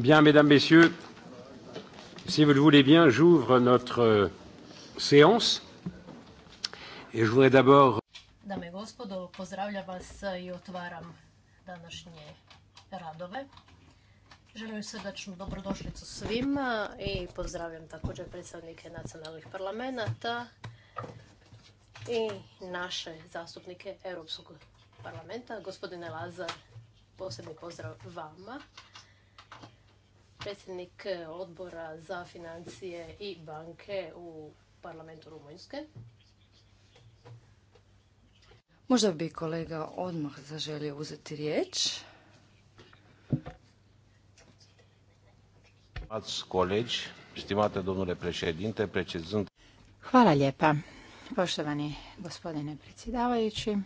Bien, mesdames, messieurs, si vous le voulez bien, j'ouvre notre euh, séance. Et je voudrais d'abord... Dame i gospodo, pozdravljam vas i otvaram današnje radove. Želim srdačnu dobrodošlicu svima i pozdravljam također predstavnike nacionalnih parlamenta i naše zastupnike Europskog parlamenta. Gospodine Lazar, posebni pozdrav vama predsjednik eh, odbora za financije i banke u parlamentu Rumunjske. Možda bi kolega odmah zaželio uzeti riječ. Hvala lijepa, poštovani gospodine predsjedavajući.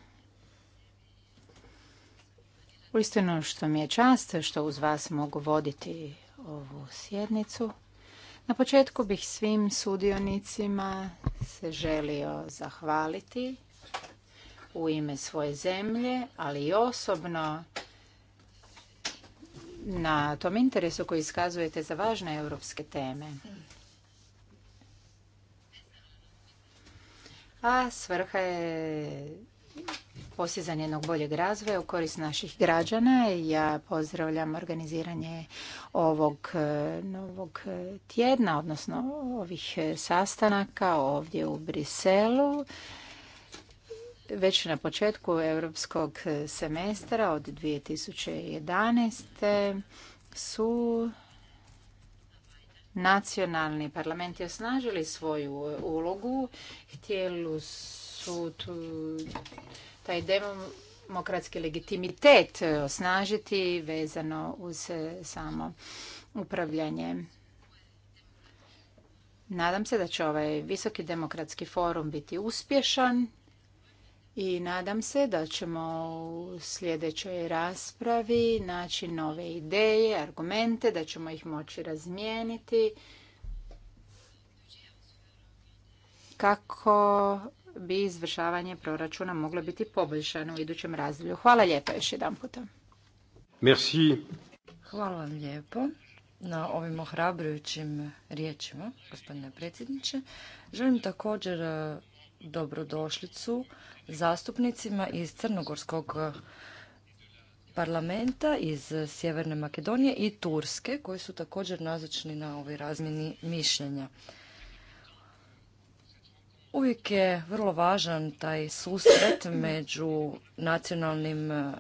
Uistinu što mi je čast što uz vas mogu voditi ovu sjednicu. Na početku bih svim sudionicima se želio zahvaliti u ime svoje zemlje, ali i osobno na tom interesu koji iskazujete za važne europske teme. A svrha je postizanje jednog boljeg razvoja u korist naših građana. Ja pozdravljam organiziranje ovog e, novog e, tjedna, odnosno ovih e, sastanaka ovdje u Briselu. Već na početku europskog semestra od 2011. su nacionalni parlamenti osnažili svoju ulogu. Htjeli su tu taj demokratski legitimitet e, osnažiti vezano uz e, samo upravljanje. Nadam se da će ovaj visoki demokratski forum biti uspješan i nadam se da ćemo u sljedećoj raspravi naći nove ideje, argumente, da ćemo ih moći razmijeniti kako bi izvršavanje proračuna moglo biti poboljšano u idućem razdoblju. Hvala lijepa još jedan puta. Merci. Hvala vam lijepo na ovim ohrabrujućim riječima, gospodine predsjedniče. Želim također e, dobrodošlicu zastupnicima iz Crnogorskog parlamenta iz Sjeverne Makedonije i Turske koji su također nazočni na ovoj razmjeni mišljenja. Uvijek je vrlo važan taj susret među nacionalnim eh,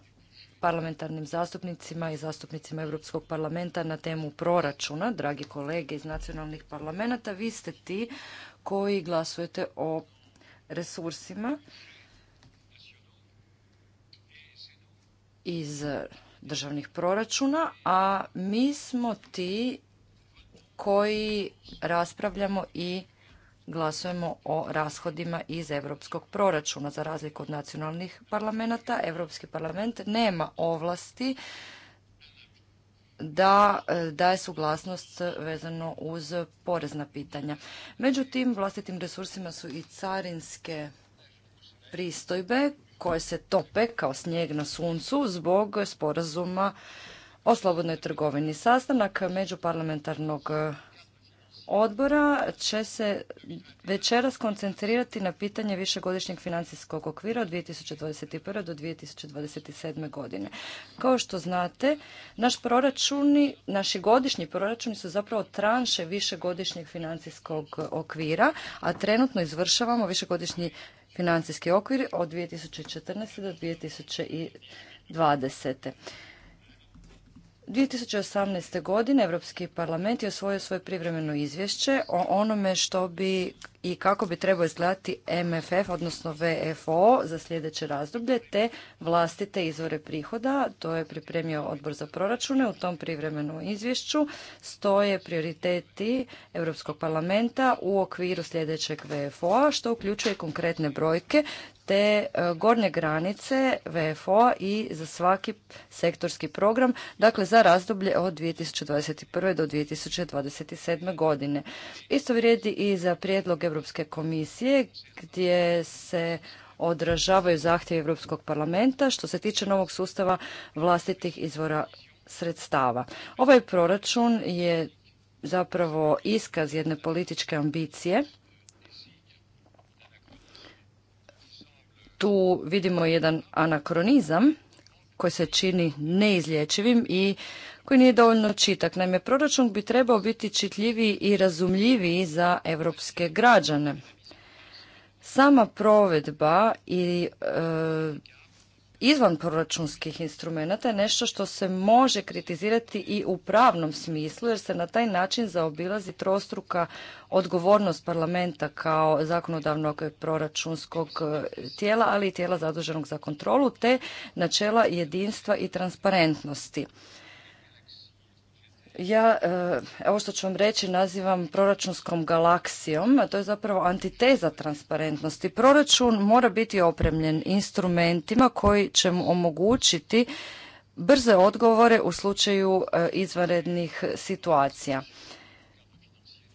parlamentarnim zastupnicima i zastupnicima Europskog parlamenta na temu proračuna. Dragi kolege iz nacionalnih parlamenta, vi ste ti koji glasujete o resursima iz državnih proračuna, a mi smo ti koji raspravljamo i glasujemo o rashodima iz europskog proračuna. Za razliku od nacionalnih parlamenta, Europski parlament nema ovlasti da e, daje suglasnost vezano uz porezna pitanja. Međutim, vlastitim resursima su i carinske pristojbe koje se tope kao snijeg na suncu zbog sporazuma o slobodnoj trgovini. Sastanak međuparlamentarnog odbora će se večeras koncentrirati na pitanje višegodišnjeg financijskog okvira od 2021. do 2027. godine. Kao što znate, naš proračuni, naši godišnji proračuni su zapravo tranše višegodišnjeg financijskog okvira, a trenutno izvršavamo višegodišnji financijski okvir od 2014. do 2020. 2018. godine Europski parlament je osvojio svoje privremeno izvješće o onome što bi i kako bi trebao izgledati MFF, odnosno VFO za sljedeće razdoblje, te vlastite izvore prihoda. To je pripremio odbor za proračune. U tom privremenom izvješću stoje prioriteti Europskog parlamenta u okviru sljedećeg VFO-a, što uključuje konkretne brojke te e, gornje granice VFO i za svaki sektorski program, dakle za razdoblje od 2021. do 2027. godine. Isto vrijedi i za prijedlog Europske komisije gdje se odražavaju zahtjevi Europskog parlamenta što se tiče novog sustava vlastitih izvora sredstava. Ovaj proračun je zapravo iskaz jedne političke ambicije tu vidimo jedan anakronizam koji se čini neizlječivim i koji nije dovoljno čitak. Naime, proračun bi trebao biti čitljiviji i razumljiviji za evropske građane. Sama provedba i e, proračunskih instrumenata je nešto što se može kritizirati i u pravnom smislu jer se na taj način zaobilazi trostruka odgovornost parlamenta kao zakonodavnog proračunskog e, tijela, ali i tijela zaduženog za kontrolu te načela jedinstva i transparentnosti ja ovo eh, što ću vam reći nazivam proračunskom galaksijom, a to je zapravo antiteza transparentnosti. Proračun mora biti opremljen instrumentima koji će mu omogućiti brze odgovore u slučaju eh, izvanrednih situacija.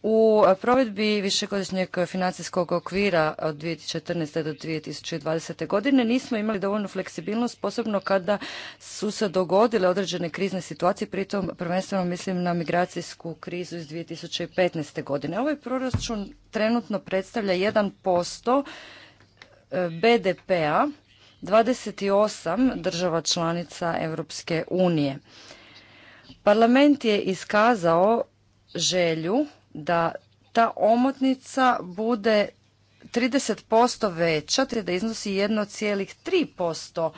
U provedbi višegodišnjeg financijskog okvira od 2014. do 2020. godine nismo imali dovoljnu fleksibilnost, posebno kada su se dogodile određene krizne situacije, pritom prvenstveno mislim na migracijsku krizu iz 2015. godine. Ovaj proračun trenutno predstavlja 1% BDP-a 28 država članica Europske unije. Parlament je iskazao želju da ta omotnica bude 30% veća, te da iznosi 1,3%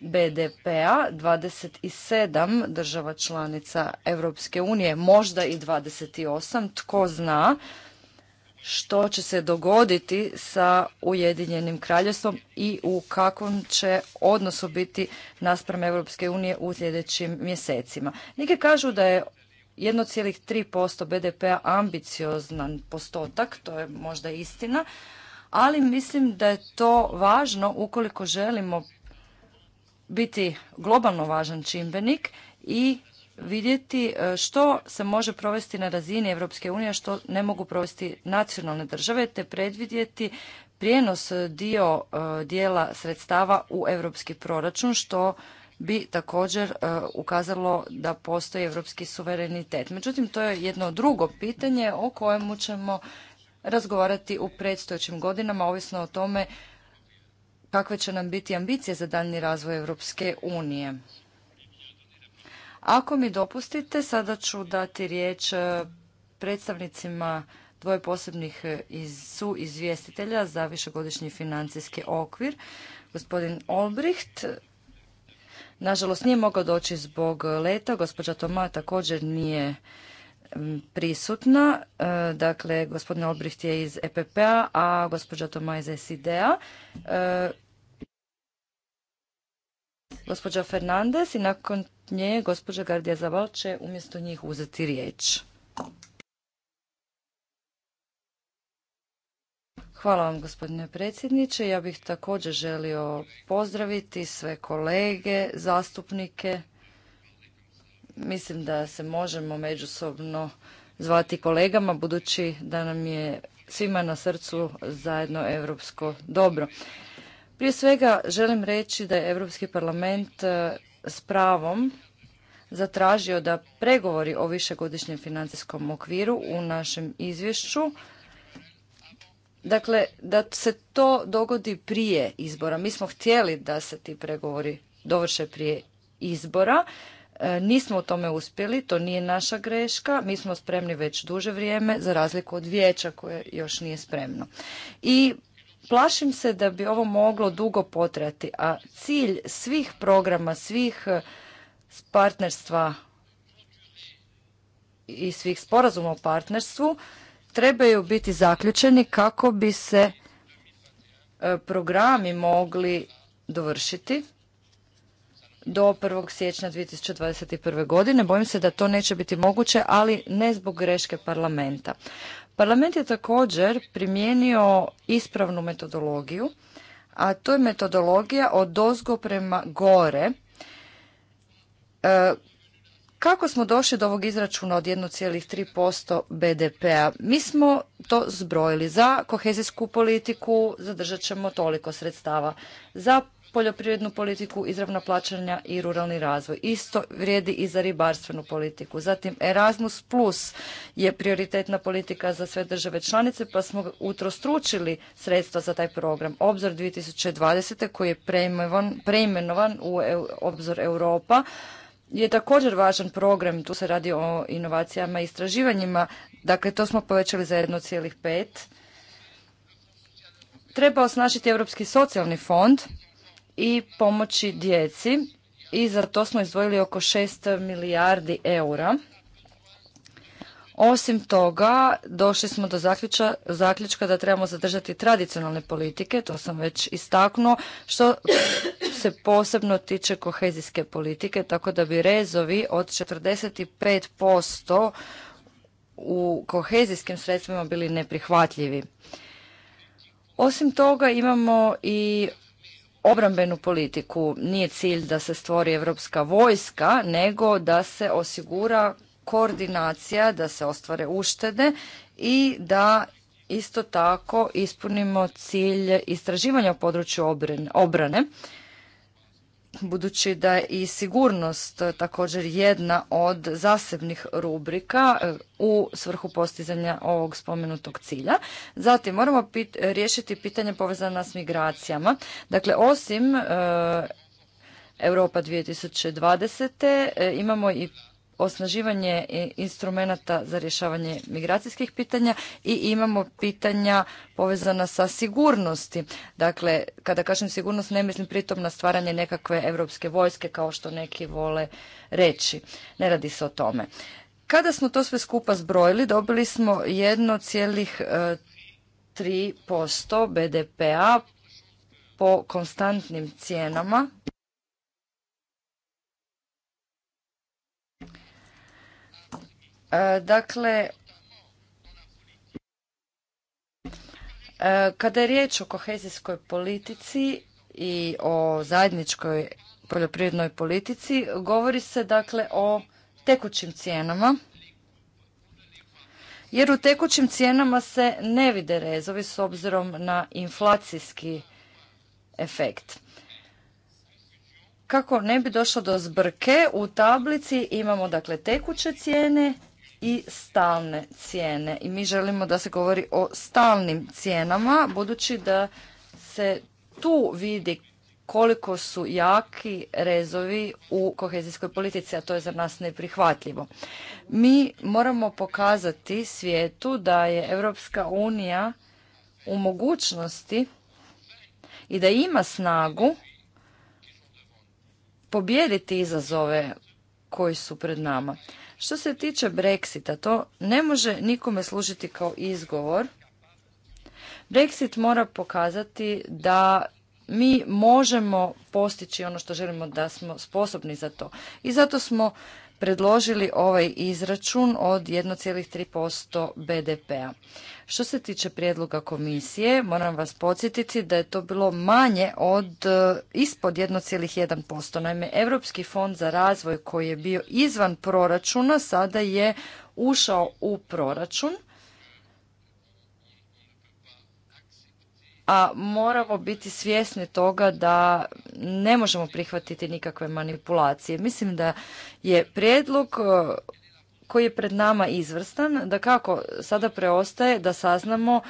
BDP-a 27 država članica Europske unije, možda i 28, tko zna što će se dogoditi sa Ujedinjenim kraljevstvom i u kakvom će odnosu biti naspram Europske unije u sljedećim mjesecima. Nike kažu da je 1,3% BDP-a ambiciozan postotak, to je možda istina, ali mislim da je to važno ukoliko želimo biti globalno važan čimbenik i vidjeti e, što se može provesti na razini Europske unije, što ne mogu provesti nacionalne države, te predvidjeti prijenos dio e, dijela sredstava u europski proračun, što bi također e, ukazalo da postoji europski suverenitet. Međutim, to je jedno drugo pitanje o kojemu ćemo razgovarati u predstojećim godinama, ovisno o tome kakve će nam biti ambicije za daljnji razvoj Europske unije. Ako mi dopustite, sada ću dati riječ e, predstavnicima dvoje posebnih e, su izvjestitelja za višegodišnji financijski okvir, gospodin Olbricht Nažalost, nije mogao doći zbog leta. Gospođa Toma također nije prisutna. E, dakle, gospodin Olbricht je iz EPP-a, a gospođa Toma iz SID-a. E, gospođa Fernandez i nakon nje gospođa Gardija Zaval će umjesto njih uzeti riječ. Hvala vam gospodine predsjedniče. Ja bih također želio pozdraviti sve kolege, zastupnike. Mislim da se možemo međusobno zvati kolegama budući da nam je svima na srcu zajedno europsko dobro. Prije svega želim reći da je Europski parlament e, s pravom zatražio da pregovori o višegodišnjem financijskom okviru u našem izvješću Dakle, da se to dogodi prije izbora. Mi smo htjeli da se ti pregovori dovrše prije izbora. E, nismo u tome uspjeli, to nije naša greška. Mi smo spremni već duže vrijeme, za razliku od vijeća koje još nije spremno. I plašim se da bi ovo moglo dugo potrati, a cilj svih programa, svih e, partnerstva i svih sporazuma o partnerstvu trebaju biti zaključeni kako bi se e, programi mogli dovršiti do 1. siječnja 2021. godine. Bojim se da to neće biti moguće, ali ne zbog greške parlamenta. Parlament je također primijenio ispravnu metodologiju, a to je metodologija od dozgo prema gore, e, kako smo došli do ovog izračuna od 1,3% BDP-a? Mi smo to zbrojili. Za kohezijsku politiku zadržat ćemo toliko sredstava. Za poljoprivrednu politiku, izravna plaćanja i ruralni razvoj. Isto vrijedi i za ribarstvenu politiku. Zatim Erasmus Plus je prioritetna politika za sve države članice pa smo utrostručili sredstva za taj program. Obzor 2020. koji je preimenovan u Obzor Europa je također važan program, tu se radi o inovacijama i istraživanjima, dakle to smo povećali za 1,5. Treba osnašiti Europski socijalni fond i pomoći djeci i za to smo izdvojili oko 6 milijardi eura. Osim toga, došli smo do zaključka da trebamo zadržati tradicionalne politike, to sam već istaknuo, što se posebno tiče kohezijske politike, tako da bi rezovi od 45% u kohezijskim sredstvima bili neprihvatljivi. Osim toga imamo i obrambenu politiku. Nije cilj da se stvori evropska vojska, nego da se osigura koordinacija, da se ostvare uštede i da isto tako ispunimo cilj istraživanja u području obrane budući da je i sigurnost također jedna od zasebnih rubrika e, u svrhu postizanja ovog spomenutog cilja. Zatim moramo riješiti pitanje povezana s migracijama. Dakle, osim e, Europa 2020. E, imamo i osnaživanje instrumenata za rješavanje migracijskih pitanja i imamo pitanja povezana sa sigurnosti. Dakle, kada kažem sigurnost, ne mislim pritom na stvaranje nekakve europske vojske kao što neki vole reći. Ne radi se o tome. Kada smo to sve skupa zbrojili, dobili smo 1,3% e, BDP-a po konstantnim cijenama. E, dakle, e, kada je riječ o kohezijskoj politici i o zajedničkoj poljoprivrednoj politici, govori se dakle o tekućim cijenama, jer u tekućim cijenama se ne vide rezovi s obzirom na inflacijski efekt. Kako ne bi došlo do zbrke, u tablici imamo dakle tekuće cijene i stalne cijene. I mi želimo da se govori o stalnim cijenama, budući da se tu vidi koliko su jaki rezovi u kohezijskoj politici, a to je za nas neprihvatljivo. Mi moramo pokazati svijetu da je Europska unija u mogućnosti i da ima snagu pobijediti izazove koji su pred nama. Što se tiče Brexita, to ne može nikome služiti kao izgovor. Brexit mora pokazati da mi možemo postići ono što želimo da smo sposobni za to. I zato smo predložili ovaj izračun od 1,3% BDP-a. Što se tiče prijedloga komisije, moram vas podsjetiti da je to bilo manje od e, ispod 1,1%. Naime, Europski fond za razvoj koji je bio izvan proračuna sada je ušao u proračun a moramo biti svjesni toga da ne možemo prihvatiti nikakve manipulacije. Mislim da je prijedlog e, koji je pred nama izvrstan, da kako sada preostaje da saznamo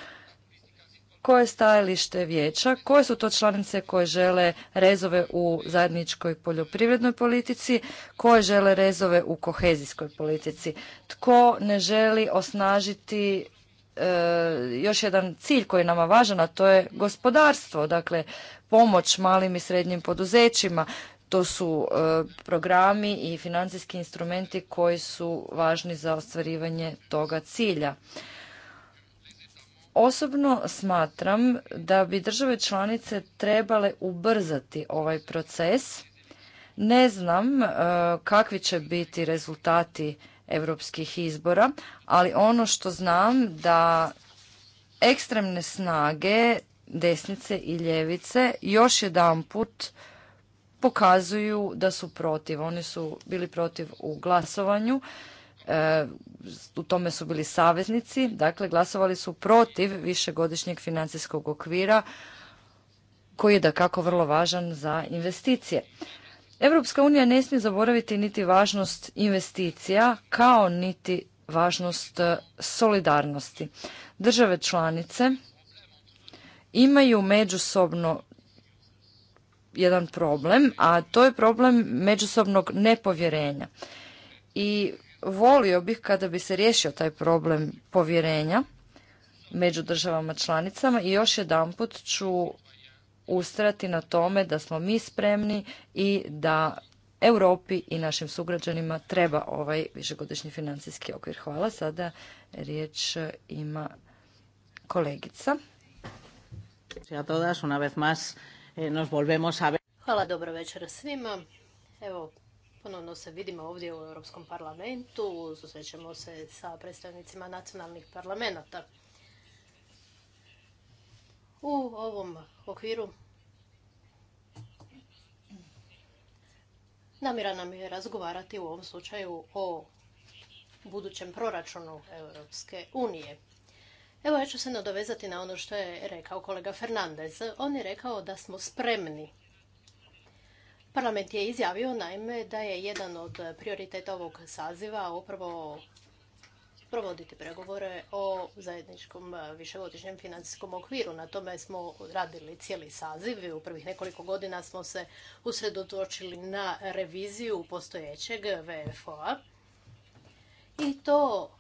koje je stajalište vijeća, koje su to članice koje žele rezove u zajedničkoj poljoprivrednoj politici, koje žele rezove u kohezijskoj politici, tko ne želi osnažiti E, još jedan cilj koji je nama važan, a to je gospodarstvo, dakle pomoć malim i srednjim poduzećima. To su e, programi i financijski instrumenti koji su važni za ostvarivanje toga cilja. Osobno smatram da bi države članice trebale ubrzati ovaj proces. Ne znam e, kakvi će biti rezultati europskih izbora, ali ono što znam da ekstremne snage desnice i ljevice još jedanput pokazuju da su protiv. Oni su bili protiv u glasovanju, e, u tome su bili saveznici, dakle glasovali su protiv višegodišnjeg financijskog okvira koji je da kako vrlo važan za investicije. Europska unija ne smije zaboraviti niti važnost investicija kao niti važnost e, solidarnosti. Države članice imaju međusobno jedan problem, a to je problem međusobnog nepovjerenja. I volio bih kada bi se riješio taj problem povjerenja među državama članicama i još jedanput ću ustrati na tome da smo mi spremni i da Europi i našim sugrađanima treba ovaj višegodišnji financijski okvir. Hvala. Sada riječ ima kolegica. Eh, Hvala, dobro večer svima. Evo, ponovno se vidimo ovdje u Europskom parlamentu, susrećemo se sa predstavnicima nacionalnih parlamenta. U ovom okviru namira nam je razgovarati u ovom slučaju o budućem proračunu Europske unije. Evo ja ću se nadovezati na ono što je rekao kolega Fernandez. On je rekao da smo spremni. Parlament je izjavio naime da je jedan od prioriteta ovog saziva upravo provoditi pregovore o zajedničkom višegodišnjem financijskom okviru. Na tome smo radili cijeli saziv i u prvih nekoliko godina smo se usredotočili na reviziju postojećeg VFO-a. I to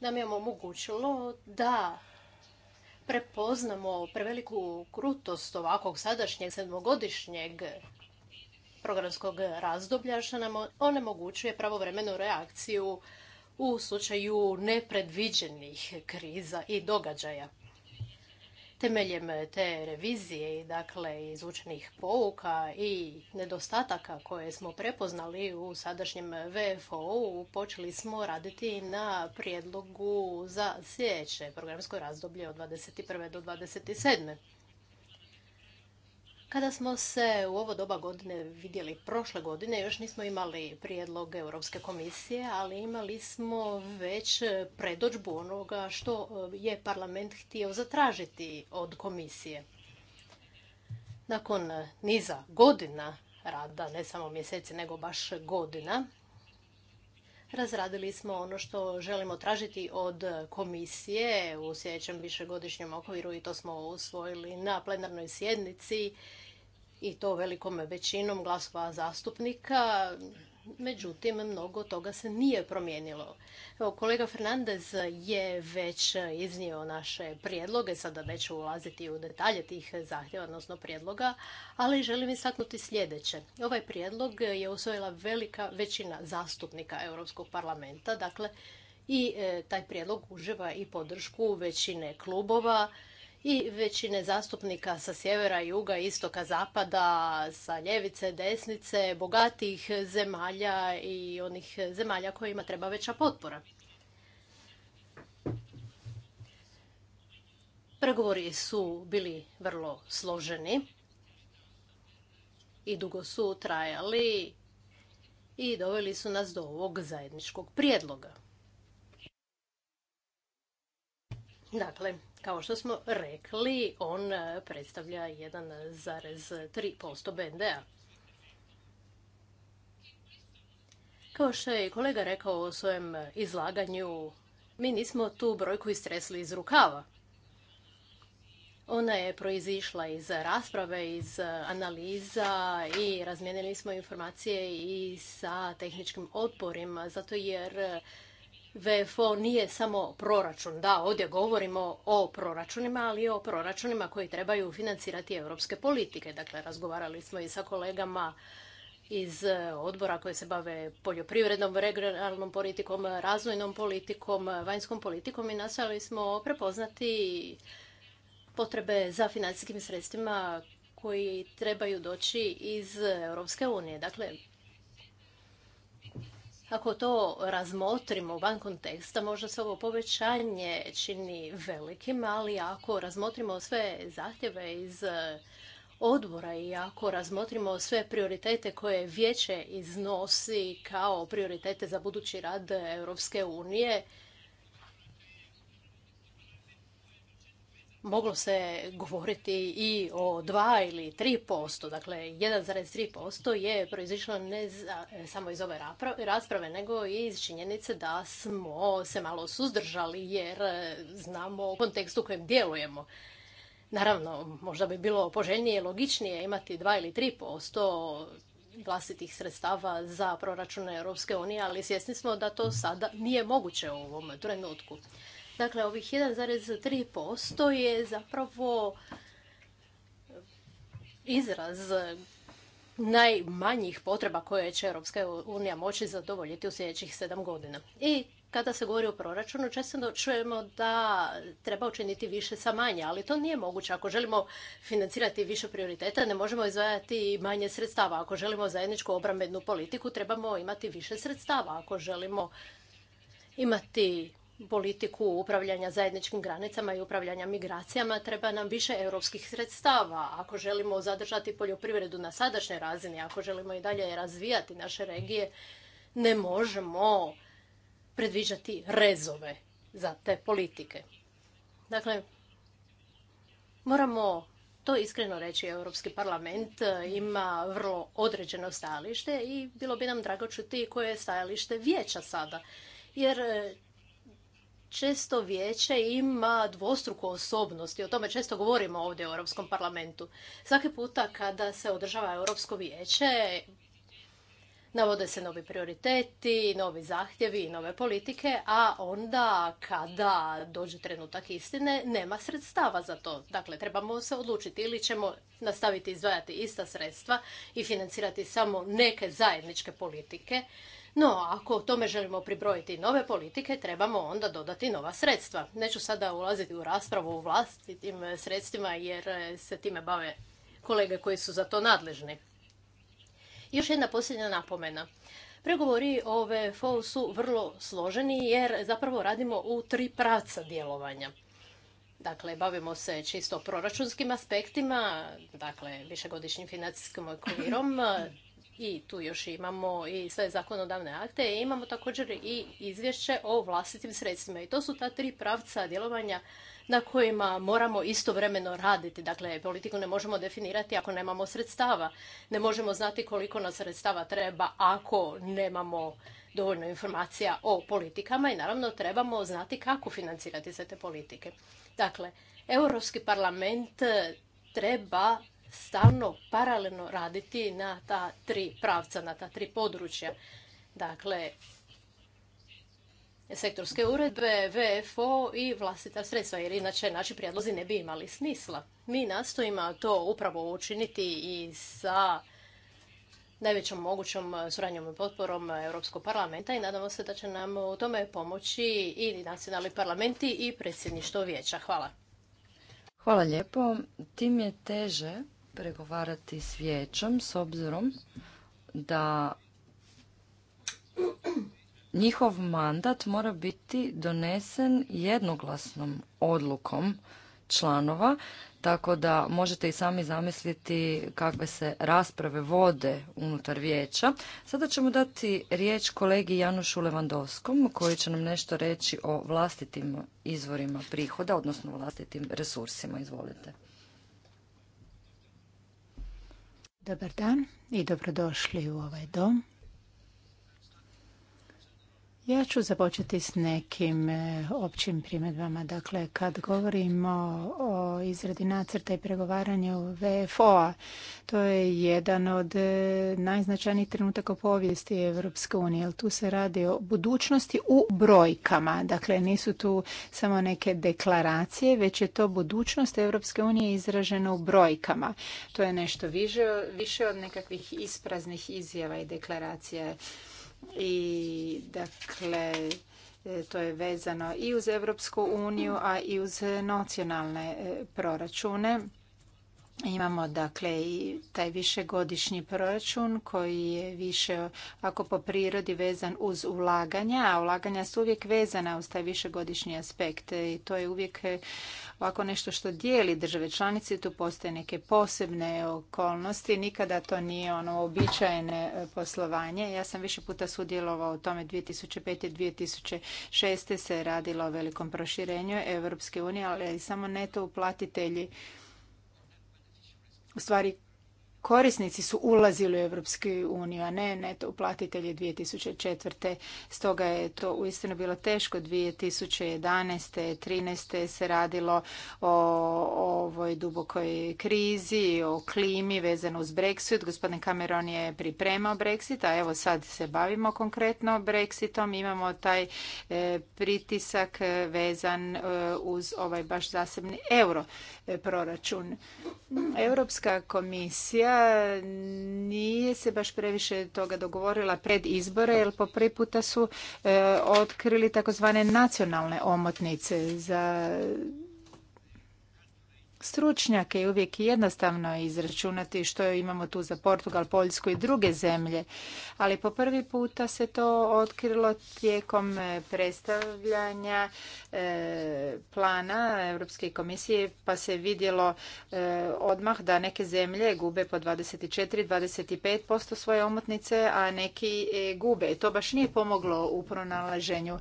nam je omogućilo da prepoznamo preveliku krutost ovakvog sadašnjeg sedmogodišnjeg programskog razdoblja što nam onemogućuje pravovremenu reakciju u slučaju nepredviđenih kriza i događaja. Temeljem te revizije i dakle izvučenih pouka i nedostataka koje smo prepoznali u sadašnjem vfo počeli smo raditi na prijedlogu za sljedeće programsko razdoblje od 21. do 27. Kada smo se u ovo doba godine vidjeli prošle godine, još nismo imali prijedlog Europske komisije, ali imali smo već predođbu onoga što e, je parlament htio zatražiti od komisije. Nakon niza godina rada, ne samo mjeseci, nego baš godina, razradili smo ono što želimo tražiti od komisije u sljedećem višegodišnjem okviru i to smo usvojili na plenarnoj sjednici i to velikom većinom glasova zastupnika. Međutim, mnogo toga se nije promijenilo. Evo, kolega Fernandez je već iznio naše prijedloge, sada neću ulaziti u detalje tih zahtjeva, odnosno prijedloga, ali želim istaknuti sljedeće. Ovaj prijedlog je usvojila velika većina zastupnika Europskog parlamenta, dakle, i e, taj prijedlog uživa i podršku većine klubova, i većine zastupnika sa sjevera, juga, istoka, zapada, sa ljevice, desnice, bogatih zemalja i onih zemalja kojima treba veća potpora. Pregovori su bili vrlo složeni i dugo su trajali i doveli su nas do ovog zajedničkog prijedloga. Dakle, kao što smo rekli, on e, predstavlja 1,3% BND-a. Kao što je kolega rekao o svojem izlaganju, mi nismo tu brojku istresli iz rukava. Ona je proizišla iz rasprave, iz e, analiza i razmijenili smo informacije i sa tehničkim otporima zato jer e, VFO nije samo proračun. Da, ovdje govorimo o proračunima, ali i o proračunima koji trebaju financirati europske politike. Dakle, razgovarali smo i sa kolegama iz e, odbora koji se bave poljoprivrednom, regionalnom politikom, razvojnom politikom, vanjskom politikom i nastavili smo prepoznati potrebe za financijskim sredstvima koji trebaju doći iz Europske unije. Dakle, ako to razmotrimo van konteksta, možda se ovo povećanje čini velikim, ali ako razmotrimo sve zahtjeve iz e, odbora i ako razmotrimo sve prioritete koje vijeće iznosi kao prioritete za budući rad Europske unije, moglo se govoriti i o 2 ili 3%, dakle 1,3% je proizišlo ne za, samo iz ove rasprave, nego i iz činjenice da smo se malo suzdržali jer e, znamo o kontekstu u kojem djelujemo. Naravno, možda bi bilo poželjnije i logičnije imati 2 ili 3% vlastitih sredstava za proračune Europske unije, ali svjesni smo da to sada nije moguće u ovom trenutku. Dakle, ovih 1,3% je zapravo izraz najmanjih potreba koje će Europska unija moći zadovoljiti u sljedećih sedam godina. I kada se govori o proračunu, često čujemo da treba učiniti više sa manje, ali to nije moguće. Ako želimo financirati više prioriteta, ne možemo izvajati manje sredstava. Ako želimo zajedničku obrambenu politiku, trebamo imati više sredstava. Ako želimo imati politiku upravljanja zajedničkim granicama i upravljanja migracijama treba nam više europskih sredstava. Ako želimo zadržati poljoprivredu na sadašnjoj razini, ako želimo i dalje razvijati naše regije, ne možemo predviđati rezove za te politike. Dakle, moramo to iskreno reći. Europski parlament e, ima vrlo određeno stajalište i bilo bi nam drago čuti koje je stajalište vijeća sada. Jer e, često vijeće ima dvostruku osobnost i o tome često govorimo ovdje u Europskom parlamentu. Svaki puta kada se održava Europsko vijeće, navode se novi prioriteti, novi zahtjevi i nove politike, a onda kada dođe trenutak istine, nema sredstava za to. Dakle, trebamo se odlučiti ili ćemo nastaviti izdvajati ista sredstva i financirati samo neke zajedničke politike, no, ako tome želimo pribrojiti nove politike, trebamo onda dodati nova sredstva. Neću sada ulaziti u raspravu o vlastitim sredstvima jer e, se time bave kolege koji su za to nadležni. Još jedna posljednja napomena. Pregovori o VFO su vrlo složeni jer zapravo radimo u tri praca djelovanja. Dakle, bavimo se čisto proračunskim aspektima, dakle, višegodišnjim financijskim okvirom, i tu još imamo i sve zakonodavne akte i imamo također i izvješće o vlastitim sredstvima. I to su ta tri pravca djelovanja na kojima moramo istovremeno raditi. Dakle, politiku ne možemo definirati ako nemamo sredstava. Ne možemo znati koliko nas sredstava treba ako nemamo dovoljno informacija o politikama i naravno trebamo znati kako financirati sve te politike. Dakle, Europski parlament treba stalno paralelno raditi na ta tri pravca, na ta tri područja. Dakle, sektorske uredbe, VFO i vlastita sredstva, jer inače naši prijedlozi ne bi imali smisla. Mi nastojimo to upravo učiniti i sa najvećom mogućom suradnjom i potporom Europskog parlamenta i nadamo se da će nam u tome pomoći i nacionalni parlamenti i predsjedništvo vijeća. Hvala. Hvala lijepo. Tim je teže pregovarati s vijećem s obzirom da njihov mandat mora biti donesen jednoglasnom odlukom članova, tako da možete i sami zamisliti kakve se rasprave vode unutar vijeća. Sada ćemo dati riječ kolegi Janušu Levandovskom koji će nam nešto reći o vlastitim izvorima prihoda, odnosno vlastitim resursima. Izvolite. Dobar dan i dobrodošli u ovaj dom. Ja ću započeti s nekim e, općim primjedbama. Dakle, kad govorimo o izradi nacrta i pregovaranju VFO-a, to je jedan od e, najznačajnijih trenutaka povijesti Europske unije, jer tu se radi o budućnosti u brojkama. Dakle, nisu tu samo neke deklaracije, već je to budućnost Europske unije izražena u brojkama. To je nešto više, više od nekakvih ispraznih izjava i deklaracija i dakle e, to je vezano i uz Europsku uniju, a i uz nacionalne e, proračune Imamo dakle i taj višegodišnji proračun koji je više ako po prirodi vezan uz ulaganja, a ulaganja su uvijek vezana uz taj višegodišnji aspekt e, i to je uvijek e, ovako nešto što dijeli države članice, tu postoje neke posebne okolnosti, nikada to nije ono običajne e, poslovanje. Ja sam više puta sudjelovao u tome 2005. i 2006. se radilo o velikom proširenju Europske unije, ali samo neto uplatitelji stvari korisnici su ulazili u Europsku uniju, a ne neto uplatitelji 2004. Stoga je to uistinu bilo teško. 2011. 13. se radilo o ovoj dubokoj krizi, o klimi vezano uz Brexit. Gospodin Cameron je pripremao Brexit, a evo sad se bavimo konkretno Brexitom. Imamo taj e, pritisak vezan e, uz ovaj baš zasebni euro e, proračun. Europska komisija nije se baš previše toga dogovorila pred izbore, jer po prvi puta su e, otkrili takozvane nacionalne omotnice za stručnjake i uvijek jednostavno izračunati što imamo tu za Portugal, Poljsku i druge zemlje, ali po prvi puta se to otkrilo tijekom e, predstavljanja e, plana Europske komisije pa se vidjelo e, odmah da neke zemlje gube po 24-25% svoje omotnice, a neki gube. To baš nije pomoglo u pronalaženju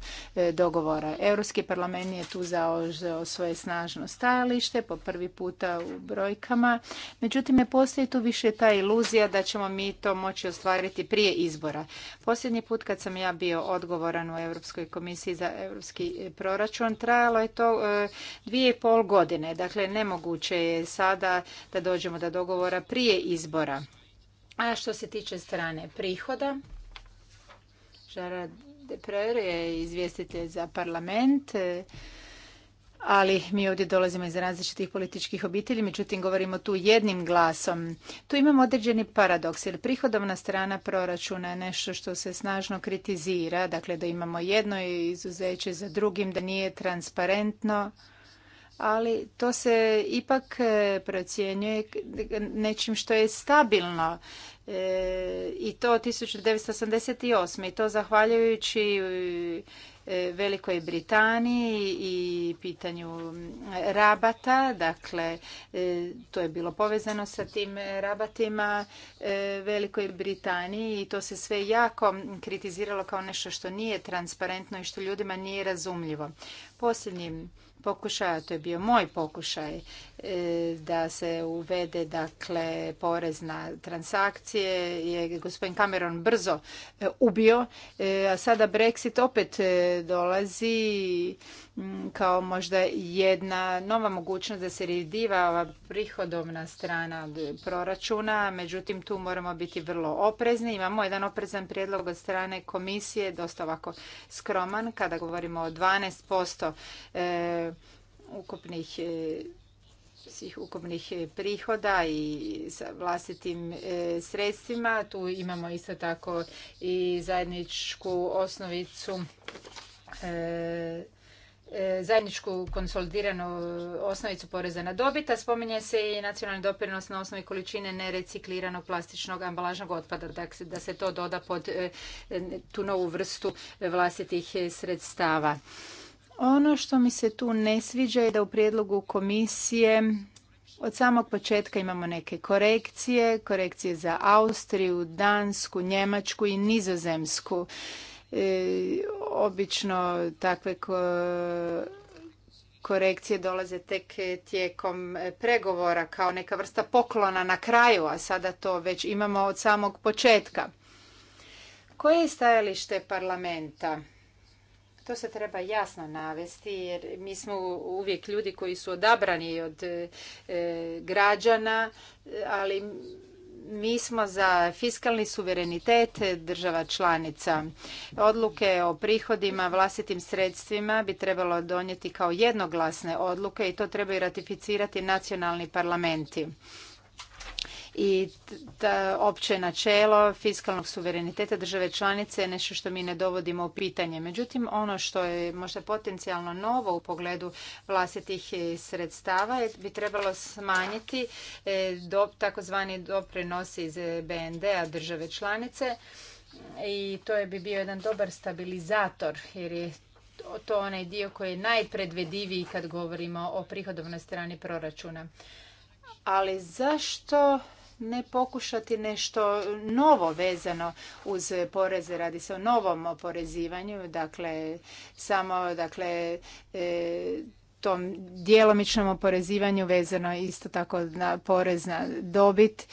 dogovora. Europski parlament je tu zauzeo svoje snažno stajalište po prvi puta u brojkama. Međutim, ne postoji tu više ta iluzija da ćemo mi to moći ostvariti prije izbora. Posljednji put kad sam ja bio odgovoran u Europskoj komisiji za europski proračun, trajalo je to e, dvije i pol godine. Dakle, nemoguće je sada da dođemo do dogovora prije izbora. A što se tiče strane prihoda, Žara Deprer je izvjestitelj za parlament ali mi ovdje dolazimo iz različitih političkih obitelji, međutim govorimo tu jednim glasom. Tu imamo određeni paradoks, jer prihodovna strana proračuna je nešto što se snažno kritizira, dakle da imamo jedno izuzeće za drugim, da nije transparentno, ali to se ipak e, procjenjuje nečim što je stabilno e, i to 1988. i to zahvaljujući E, Velikoj Britaniji i pitanju rabata, dakle e, to je bilo povezano sa tim rabatima e, Velikoj Britaniji i to se sve jako kritiziralo kao nešto što nije transparentno i što ljudima nije razumljivo. Posljednjim pokušaja, to je bio moj pokušaj e, da se uvede dakle porez na transakcije je gospodin Cameron brzo e, ubio, e, a sada Brexit opet dolazi kao možda jedna nova mogućnost da se rediva ova prihodovna strana proračuna, međutim tu moramo biti vrlo oprezni. Imamo jedan oprezan prijedlog od strane komisije, dosta ovako skroman, kada govorimo o 12% e, ukupnih e, svih ukupnih prihoda i sa vlastitim e, sredstvima. Tu imamo isto tako i zajedničku osnovicu E, zajedničku konsolidiranu osnovicu poreza na dobit, a spominje se i nacionalni doprinos na osnovi količine nerecikliranog plastičnog ambalažnog otpada, da se to doda pod e, tu novu vrstu vlastitih sredstava. Ono što mi se tu ne sviđa je da u prijedlogu komisije od samog početka imamo neke korekcije, korekcije za Austriju, Dansku, Njemačku i Nizozemsku. E, obično takve korekcije dolaze tek tijekom pregovora kao neka vrsta poklona na kraju, a sada to već imamo od samog početka. Koje je stajalište parlamenta? To se treba jasno navesti jer mi smo uvijek ljudi koji su odabrani od e, građana, ali mi smo za fiskalni suverenitet država članica. Odluke o prihodima vlastitim sredstvima bi trebalo donijeti kao jednoglasne odluke i to trebaju ratificirati nacionalni parlamenti i ta opće načelo fiskalnog suvereniteta države članice je nešto što mi ne dovodimo u pitanje. Međutim, ono što je možda potencijalno novo u pogledu vlastitih e, sredstava bi trebalo smanjiti e, takozvani doprinos iz e, BND-a države članice i to je bi bio jedan dobar stabilizator jer je to onaj dio koji je najpredvediviji kad govorimo o prihodovnoj strani proračuna. Ali zašto ne pokušati nešto novo vezano uz poreze, radi se o novom oporezivanju, dakle samo dakle e, tom djelomičnom oporezivanju vezano isto tako na porez na dobit.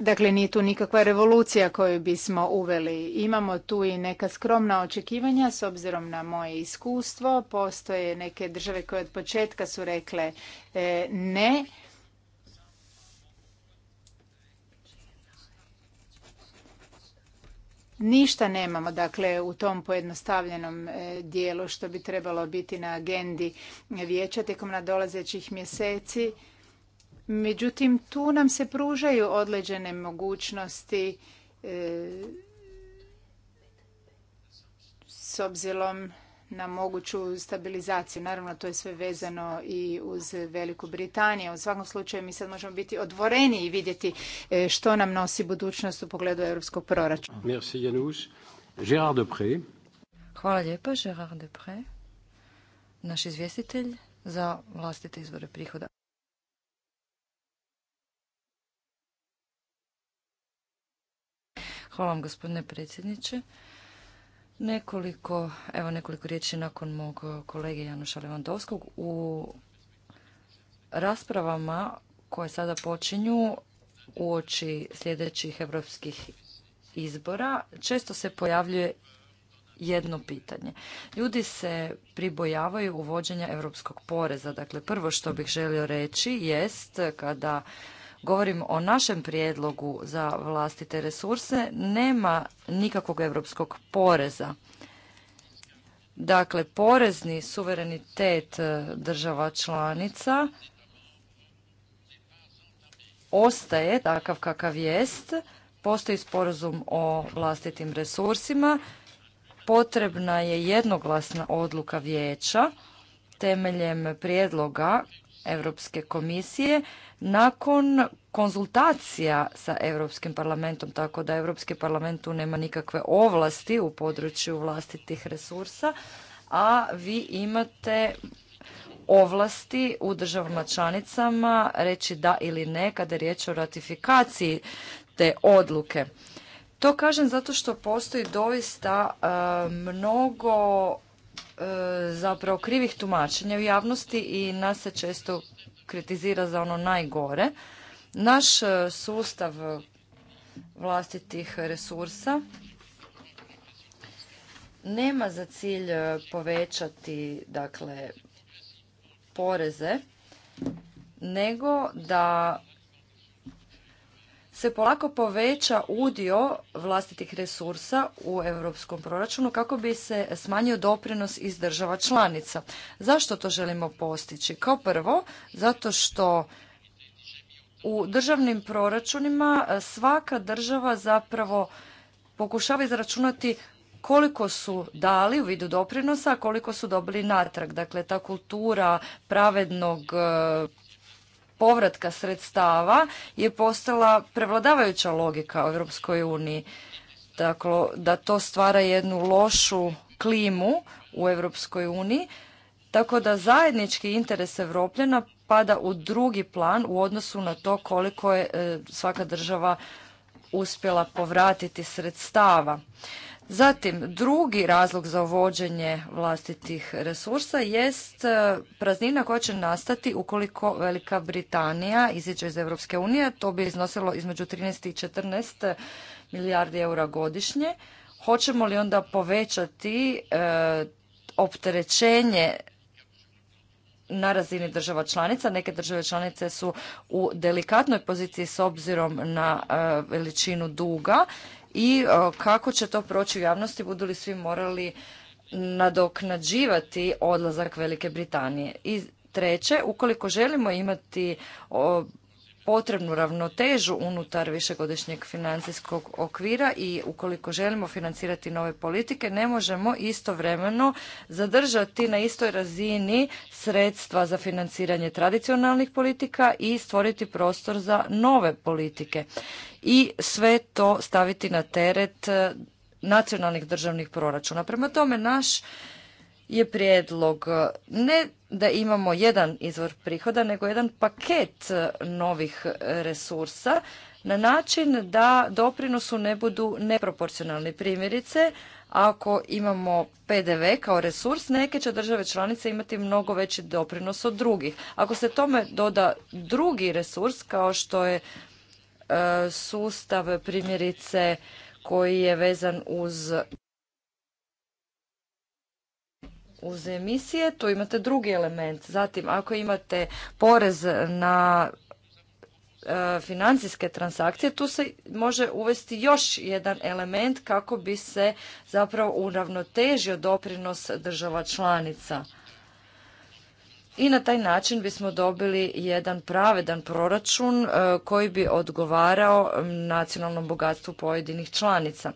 Dakle, nije tu nikakva revolucija koju bismo uveli. Imamo tu i neka skromna očekivanja s obzirom na moje iskustvo. Postoje neke države koje od početka su rekle e, ne. ništa nemamo dakle u tom pojednostavljenom e, dijelu što bi trebalo biti na agendi vijeća tijekom nadolazećih mjeseci. Međutim, tu nam se pružaju određene mogućnosti e, s obzirom na moguću stabilizaciju. Naravno, to je sve vezano i uz Veliku Britaniju. U svakom slučaju mi sad možemo biti odvoreni i vidjeti e, što nam nosi budućnost u pogledu europskog proračuna. Merci Gérard Depré. Hvala lijepa, Gérard Depré, naš izvjestitelj za vlastite izvore prihoda. Hvala vam, gospodine predsjedniče. Nekoliko, evo nekoliko riječi nakon mog kolege Januša Levandovskog. U raspravama koje sada počinju uoči sljedećih europskih izbora često se pojavljuje jedno pitanje. Ljudi se pribojavaju uvođenja europskog poreza. Dakle, prvo što bih želio reći jest kada govorim o našem prijedlogu za vlastite resurse, nema nikakvog europskog poreza. Dakle, porezni suverenitet e, država članica ostaje takav kakav jest. Postoji sporazum o vlastitim resursima. Potrebna je jednoglasna odluka vijeća temeljem prijedloga Europske komisije nakon konzultacija sa Europskim parlamentom, tako da Europski parlament tu nema nikakve ovlasti u području vlastitih resursa, a vi imate ovlasti u državama članicama reći da ili ne kada je riječ o ratifikaciji te odluke. To kažem zato što postoji doista e, mnogo E, zapravo krivih tumačenja u javnosti i nas se često kritizira za ono najgore. Naš e, sustav vlastitih resursa nema za cilj e, povećati dakle poreze nego da se polako poveća udio vlastitih resursa u europskom proračunu kako bi se smanjio doprinos iz država članica. Zašto to želimo postići? Kao prvo, zato što u državnim proračunima svaka država zapravo pokušava izračunati koliko su dali u vidu doprinosa, a koliko su dobili natrag. Dakle, ta kultura pravednog povratka sredstava je postala prevladavajuća logika u Europskoj uniji. Dakle, da to stvara jednu lošu klimu u Europskoj uniji, tako da zajednički interes Evropljena pada u drugi plan u odnosu na to koliko je e, svaka država uspjela povratiti sredstava. Zatim, drugi razlog za uvođenje vlastitih resursa jest e, praznina koja će nastati ukoliko Velika Britanija iziđe iz Europske unije. To bi iznosilo između 13 i 14 milijardi eura godišnje. Hoćemo li onda povećati e, opterećenje na razini država članica. Neke države članice su u delikatnoj poziciji s obzirom na e, veličinu duga i e, kako će to proći u javnosti budu li svi morali nadoknađivati odlazak Velike Britanije. I treće, ukoliko želimo imati potrebnu ravnotežu unutar višegodišnjeg financijskog okvira i ukoliko želimo financirati nove politike ne možemo istovremeno zadržati na istoj razini sredstva za financiranje tradicionalnih politika i stvoriti prostor za nove politike i sve to staviti na teret e, nacionalnih državnih proračuna. Prema tome naš je prijedlog e, ne da imamo jedan izvor prihoda, nego jedan paket e, novih resursa na način da doprinosu ne budu neproporcionalni primjerice. Ako imamo PDV kao resurs, neke će države članice imati mnogo veći doprinos od drugih. Ako se tome doda drugi resurs kao što je e, sustav primjerice koji je vezan uz uz emisije, tu imate drugi element. Zatim, ako imate porez na e, financijske transakcije, tu se može uvesti još jedan element kako bi se zapravo uravnotežio doprinos država članica. I na taj način bismo dobili jedan pravedan proračun e, koji bi odgovarao nacionalnom bogatstvu pojedinih članica.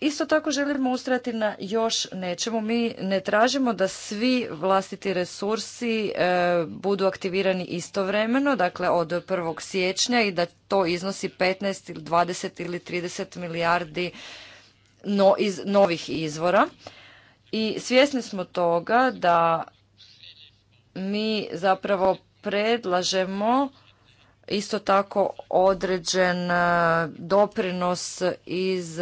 Isto tako želimo ustrajati na još nečemu. Mi ne tražimo da svi vlastiti resursi e, budu aktivirani istovremeno, dakle od 1. siječnja i da to iznosi 15 ili 20 ili 30 milijardi iz, novih izvora. I svjesni smo toga da mi zapravo predlažemo isto tako određen e, doprinos iz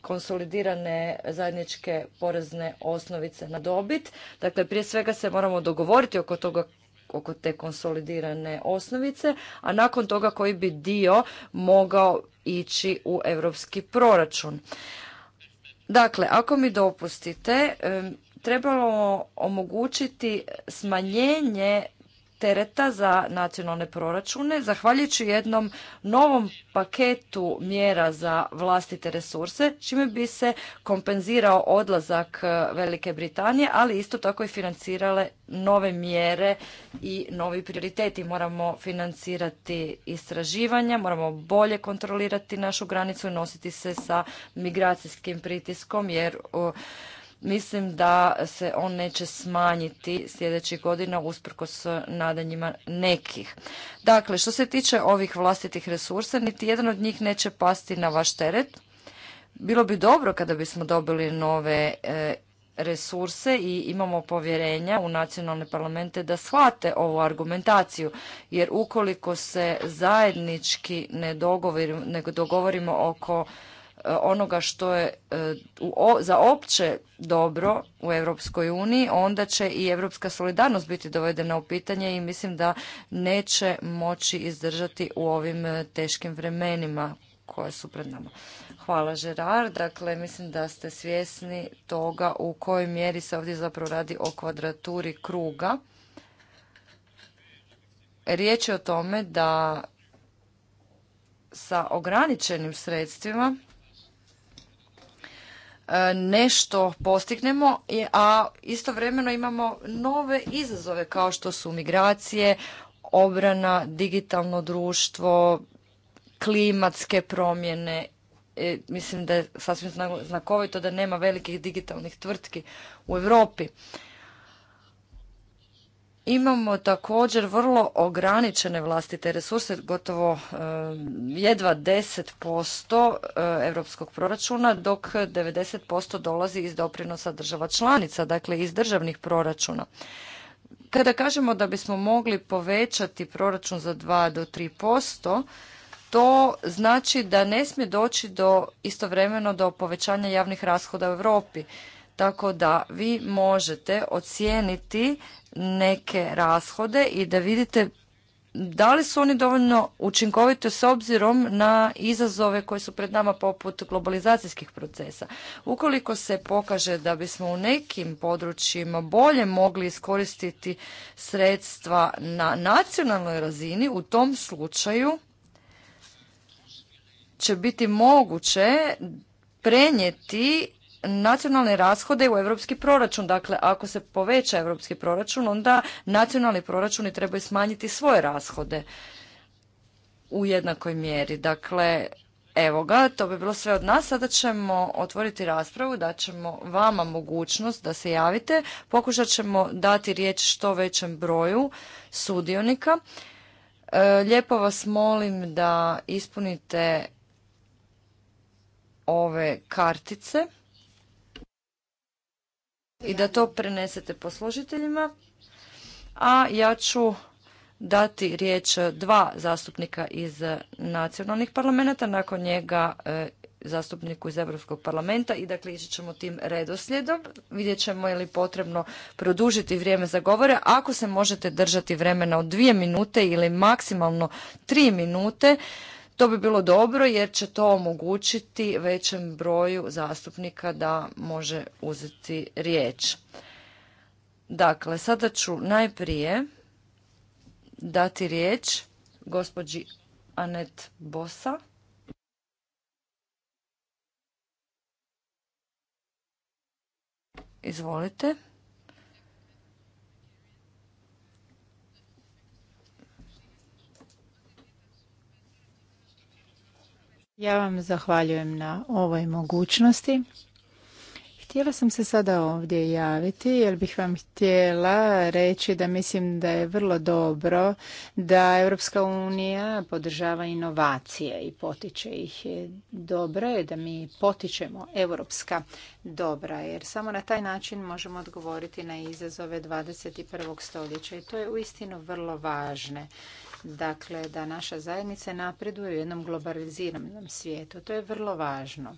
konsolidirane zajedničke porezne osnovice na dobit. Dakle, prije svega se moramo dogovoriti oko toga oko te konsolidirane osnovice, a nakon toga koji bi dio mogao ići u europski proračun. Dakle, ako mi dopustite, trebalo omogućiti smanjenje tereta za nacionalne proračune, zahvaljujući jednom novom paketu mjera za vlastite resurse, čime bi se kompenzirao odlazak e, Velike Britanije, ali isto tako i financirale nove mjere i novi prioriteti. Moramo financirati istraživanja, moramo bolje kontrolirati našu granicu i nositi se sa migracijskim pritiskom, jer Mislim da se on neće smanjiti sljedećih godina usprkos e, nadanjima nekih. Dakle, što se tiče ovih vlastitih resursa, niti jedan od njih neće pasti na vaš teret. Bilo bi dobro kada bismo dobili nove e, resurse i imamo povjerenja u nacionalne parlamente da shvate ovu argumentaciju, jer ukoliko se zajednički ne dogovorimo oko E, onoga što je e, za opće dobro u Europskoj uniji, onda će i europska solidarnost biti dovedena u pitanje i mislim da neće moći izdržati u ovim e, teškim vremenima koje su pred nama. Hvala Gerard. Dakle, mislim da ste svjesni toga u kojoj mjeri se ovdje zapravo radi o kvadraturi kruga. Riječ je o tome da sa ograničenim sredstvima E, nešto postignemo, a istovremeno imamo nove izazove kao što su migracije, obrana, digitalno društvo, klimatske promjene. E, mislim da je sasvim znakovito da nema velikih digitalnih tvrtki u Europi. Imamo također vrlo ograničene vlastite resurse, gotovo e, jedva 10% europskog proračuna, dok 90% dolazi iz doprinosa država članica, dakle iz državnih proračuna. Kada kažemo da bismo mogli povećati proračun za 2 do 3%, to znači da ne smije doći do istovremeno do povećanja javnih rashoda u Europi tako da vi možete ocijeniti neke rashode i da vidite da li su oni dovoljno učinkoviti s obzirom na izazove koje su pred nama poput globalizacijskih procesa. Ukoliko se pokaže da bismo u nekim područjima bolje mogli iskoristiti sredstva na nacionalnoj razini, u tom slučaju će biti moguće prenijeti nacionalne rashode u europski proračun. Dakle, ako se poveća europski proračun, onda nacionalni proračuni trebaju smanjiti svoje rashode u jednakoj mjeri. Dakle, evo ga, to bi bilo sve od nas. Sada ćemo otvoriti raspravu, da ćemo vama mogućnost da se javite. Pokušat ćemo dati riječ što većem broju sudionika. E, lijepo vas molim da ispunite ove kartice i da to prenesete poslužiteljima. A ja ću dati riječ dva zastupnika iz nacionalnih parlamenta, nakon njega e, zastupniku iz Europskog parlamenta i dakle ići ćemo tim redoslijedom. Vidjet ćemo je li potrebno produžiti vrijeme za govore. Ako se možete držati vremena od dvije minute ili maksimalno tri minute, to bi bilo dobro jer će to omogućiti većem broju zastupnika da može uzeti riječ. Dakle, sada ću najprije dati riječ gospođi Anet Bosa. Izvolite. Ja vam zahvaljujem na ovoj mogućnosti. Htjela sam se sada ovdje javiti jer bih vam htjela reći da mislim da je vrlo dobro da Europska unija podržava inovacije i potiče ih. Dobro je da mi potičemo europska dobra jer samo na taj način možemo odgovoriti na izazove 21. stoljeća i to je uistinu vrlo važne. Dakle, da naša zajednica napreduje u jednom globaliziranom svijetu. To je vrlo važno.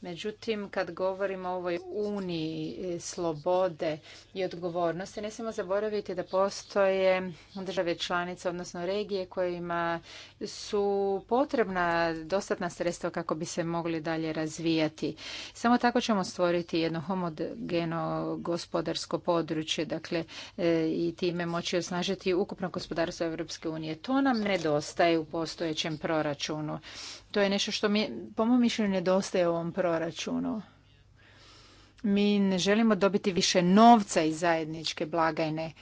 Međutim, kad govorimo o ovoj uniji slobode i odgovornosti, ne smijemo zaboraviti da postoje države članice, odnosno regije kojima su potrebna dostatna sredstva kako bi se mogli dalje razvijati. Samo tako ćemo stvoriti jedno homogeno gospodarsko područje, dakle e, i time moći osnažiti ukupno gospodarstvo Europske unije. To nam nedostaje u postojećem proračunu. To je nešto što mi, po mom mišljenju, nedostaje u ovom proračunu. Mi ne želimo dobiti više novca iz zajedničke blagajne.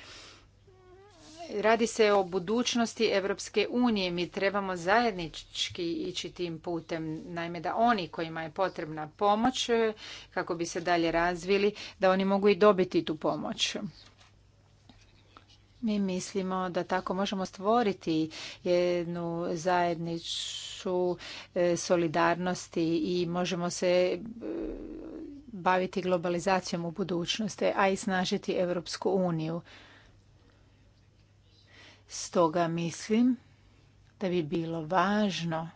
Radi se o budućnosti Europske unije. Mi trebamo zajednički ići tim putem. Naime, da oni kojima je potrebna pomoć, eh, kako bi se dalje razvili, da oni mogu i dobiti tu pomoć. Mi mislimo da tako možemo stvoriti jednu zajedničku e, solidarnosti i možemo se e, baviti globalizacijom u budućnosti, a i snažiti Europsku uniju. Stoga mislim da bi bilo važno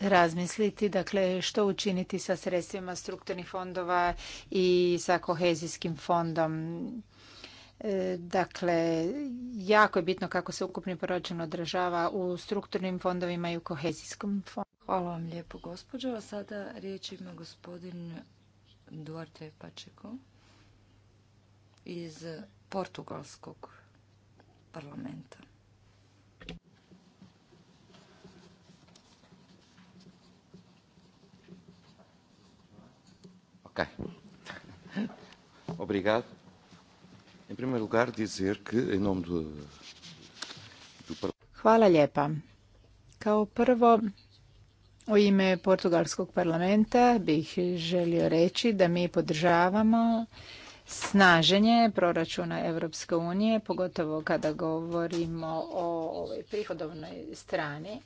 razmisliti, dakle što učiniti sa sredstvima strukturnih fondova i sa kohezijskim fondom. E, dakle, jako je bitno kako se ukupni proračun održava u strukturnim fondovima i u kohezijskom fondu. Hvala vam lijepo, gospođo. A sada riječ ima gospodin Duarte Pačeko iz Portugalskog parlamenta. Obrigado. Em primeiro lugar, dizer que, em nome do... Hvala lijepa. Kao prvo, u ime Portugalskog parlamenta bih želio reći da mi podržavamo snaženje proračuna Evropske unije, pogotovo kada govorimo o ovoj prihodovnoj strani.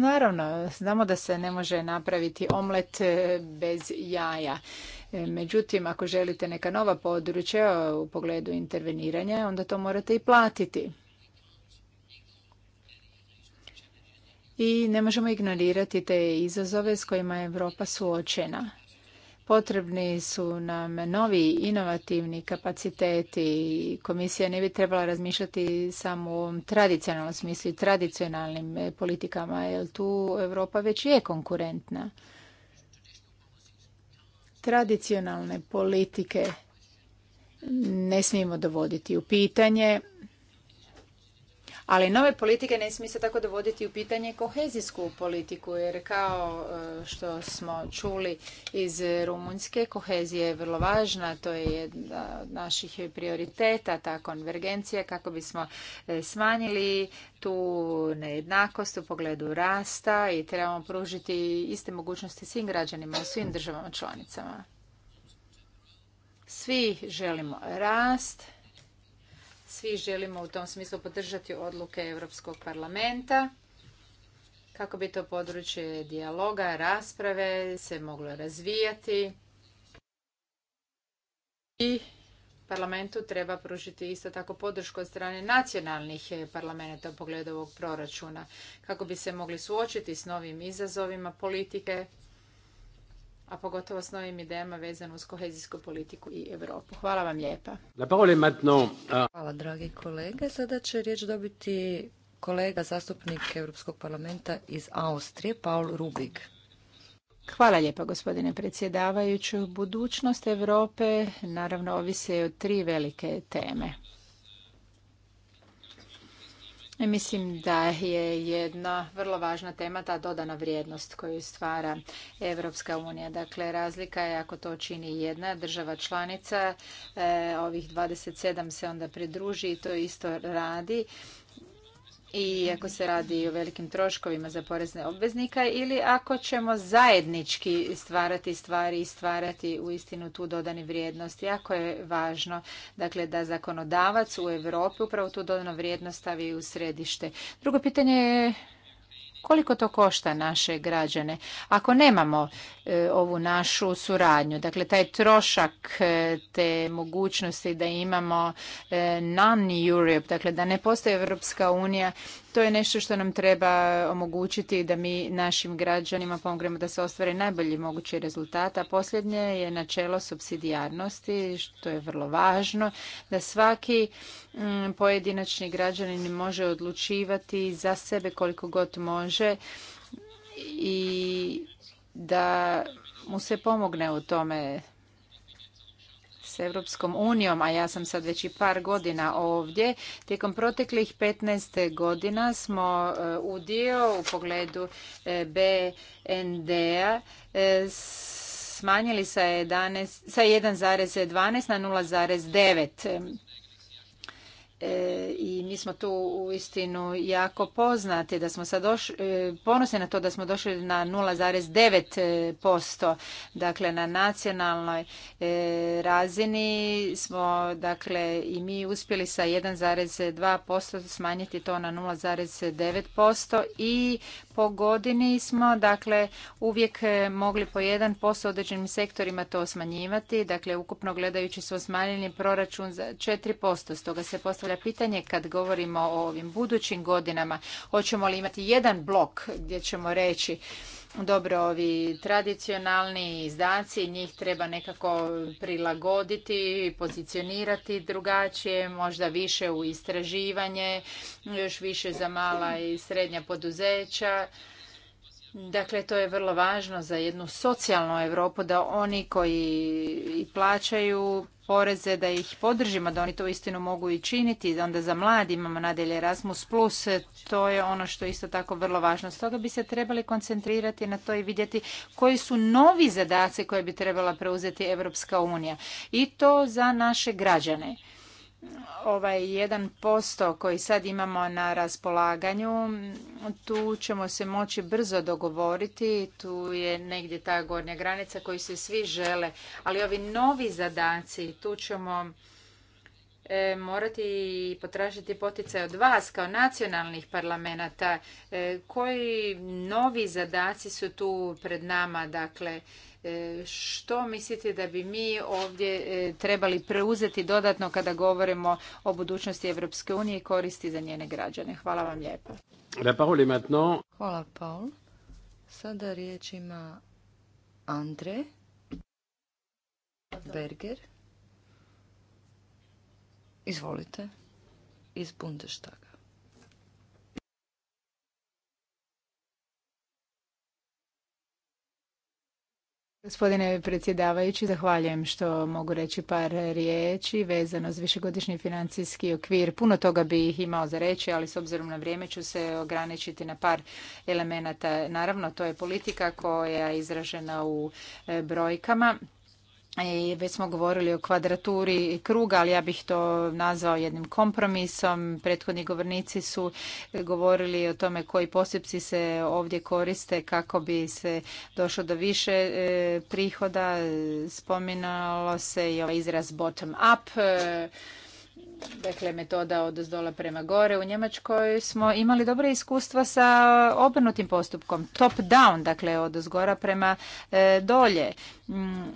Naravno, znamo da se ne može napraviti omlet e, bez jaja. E, međutim, ako želite neka nova područja u pogledu interveniranja, onda to morate i platiti. I ne možemo ignorirati te izazove s kojima je Europa suočena. Potrebni su nam novi inovativni kapaciteti. Komisija ne bi trebala razmišljati samo u ovom tradicionalnom smislu i tradicionalnim e, politikama, jer tu Europa već je konkurentna. Tradicionalne politike ne smijemo dovoditi u pitanje ali nove politike ne smije se tako dovoditi u pitanje kohezijsku politiku, jer kao e, što smo čuli iz Rumunjske, kohezija je vrlo važna, to je jedna od naših prioriteta, ta konvergencija, kako bismo e, smanjili tu nejednakost u pogledu rasta i trebamo pružiti iste mogućnosti svim građanima u svim državama članicama. Svi želimo rast, svi želimo u tom smislu podržati odluke Europskog parlamenta kako bi to područje dijaloga, rasprave se moglo razvijati. I parlamentu treba pružiti isto tako podršku od strane nacionalnih parlamenta u pogledu ovog proračuna kako bi se mogli suočiti s novim izazovima politike a pogotovo s novim idejama vezano uz kohezijsku politiku i Europu. Hvala vam lijepa. Hvala dragi kolege. Sada će riječ dobiti kolega zastupnik Europskog parlamenta iz Austrije, Paul Rubig. Hvala lijepa gospodine predsjedavajući. Budućnost Europe naravno ovisi o tri velike teme. Mislim da je jedna vrlo važna tema ta dodana vrijednost koju stvara Evropska unija. Dakle, razlika je ako to čini jedna država članica, e, ovih 27 se onda pridruži i to isto radi i ako se radi o velikim troškovima za porezne obveznika ili ako ćemo zajednički stvarati stvari i stvarati u istinu tu dodani vrijednost. Jako je važno dakle, da zakonodavac u Europi upravo tu dodanu vrijednost stavi u središte. Drugo pitanje je koliko to košta naše građane? Ako nemamo e, ovu našu suradnju, dakle taj trošak e, te mogućnosti da imamo e, non-Europe, dakle da ne postoji Europska unija to je nešto što nam treba omogućiti da mi našim građanima pomognemo da se ostvare najbolji mogući rezultat, a posljednje je načelo subsidijarnosti, što je vrlo važno, da svaki mm, pojedinačni građanin može odlučivati za sebe koliko god može i da mu se pomogne u tome s Europskom unijom, a ja sam sad već i par godina ovdje, tijekom proteklih 15 godina smo e, u dio u pogledu e, BND-a e, smanjili sa 1,12 na 0,9 E, i mi smo tu u istinu jako poznati da smo sad došli, e, ponosni na to da smo došli na 0,9%. Dakle, na nacionalnoj e, razini smo, dakle, i mi uspjeli sa 1,2% smanjiti to na 0,9% i po godini smo, dakle uvijek e, mogli po jedan posto određenim sektorima to smanjivati, dakle ukupno gledajući smo smanjili proračun za 4%, stoga se postavlja pitanje kad govorimo o ovim budućim godinama, hoćemo li imati jedan blok gdje ćemo reći dobro ovi tradicionalni izdaci, njih treba nekako prilagoditi, pozicionirati drugačije, možda više u istraživanje, još više za mala i srednja poduzeća. Dakle, to je vrlo važno za jednu socijalnu Europu da oni koji i plaćaju poreze, da ih podržimo, da oni to istinu mogu i činiti, onda za mladi imamo nadalje Erasmus+, plus, to je ono što je isto tako vrlo važno. Stoga bi se trebali koncentrirati na to i vidjeti koji su novi zadaci koje bi trebala preuzeti Europska unija i to za naše građane ovaj jedan posto koji sad imamo na raspolaganju, tu ćemo se moći brzo dogovoriti, tu je negdje ta gornja granica koju se svi žele, ali ovi novi zadaci, tu ćemo e, morati potražiti poticaj od vas kao nacionalnih parlamenata, e, koji novi zadaci su tu pred nama, dakle, E, što mislite da bi mi ovdje e, trebali preuzeti dodatno kada govorimo o budućnosti Europske unije i koristi za njene građane? Hvala vam lijepa. Hvala Paul. Sada riječ ima Andre Berger. Izvolite. Iz Bundestaga. Gospodine predsjedavajući, zahvaljujem što mogu reći par riječi vezano s višegodišnji financijski okvir. Puno toga bih imao za reći, ali s obzirom na vrijeme ću se ograničiti na par elemenata. Naravno, to je politika koja je izražena u e, brojkama i već smo govorili o kvadraturi kruga, ali ja bih to nazvao jednim kompromisom. Prethodni govornici su govorili o tome koji posebci se ovdje koriste kako bi se došlo do više e, prihoda. Spominalo se i ovaj izraz bottom up e, dakle metoda od zdola prema gore. U Njemačkoj smo imali dobre iskustva sa obrnutim postupkom, top down, dakle od zgora prema e, dolje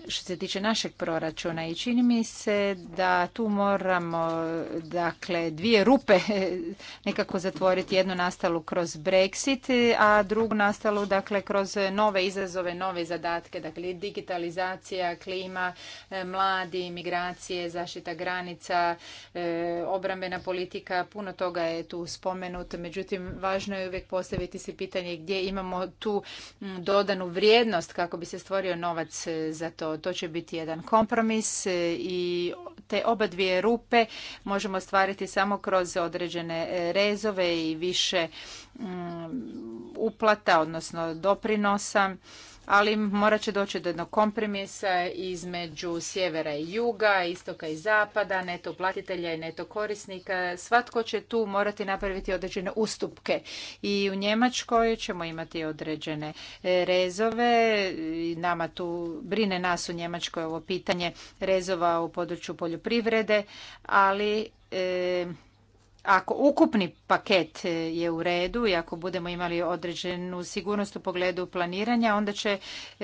što se tiče našeg proračuna i čini mi se da tu moramo dakle dvije rupe nekako zatvoriti jednu nastalu kroz Brexit a drugu nastalu dakle kroz nove izazove, nove zadatke dakle digitalizacija, klima e, mladi, migracije zaštita granica e, obrambena politika, puno toga je tu spomenuto, međutim važno je uvijek postaviti si pitanje gdje imamo tu dodanu vrijednost kako bi se stvorio novac e, za to. To će biti jedan kompromis e, i te oba dvije rupe možemo stvariti samo kroz određene e, rezove i više mm, uplata, odnosno doprinosa ali morat će doći do jednog kompromisa između sjevera i juga, istoka i zapada, neto platitelja i neto korisnika. Svatko će tu morati napraviti određene ustupke i u Njemačkoj ćemo imati određene rezove. Nama tu brine nas u Njemačkoj ovo pitanje rezova u području poljoprivrede, ali... E, ako ukupni paket e, je u redu i ako budemo imali određenu sigurnost u pogledu planiranja, onda će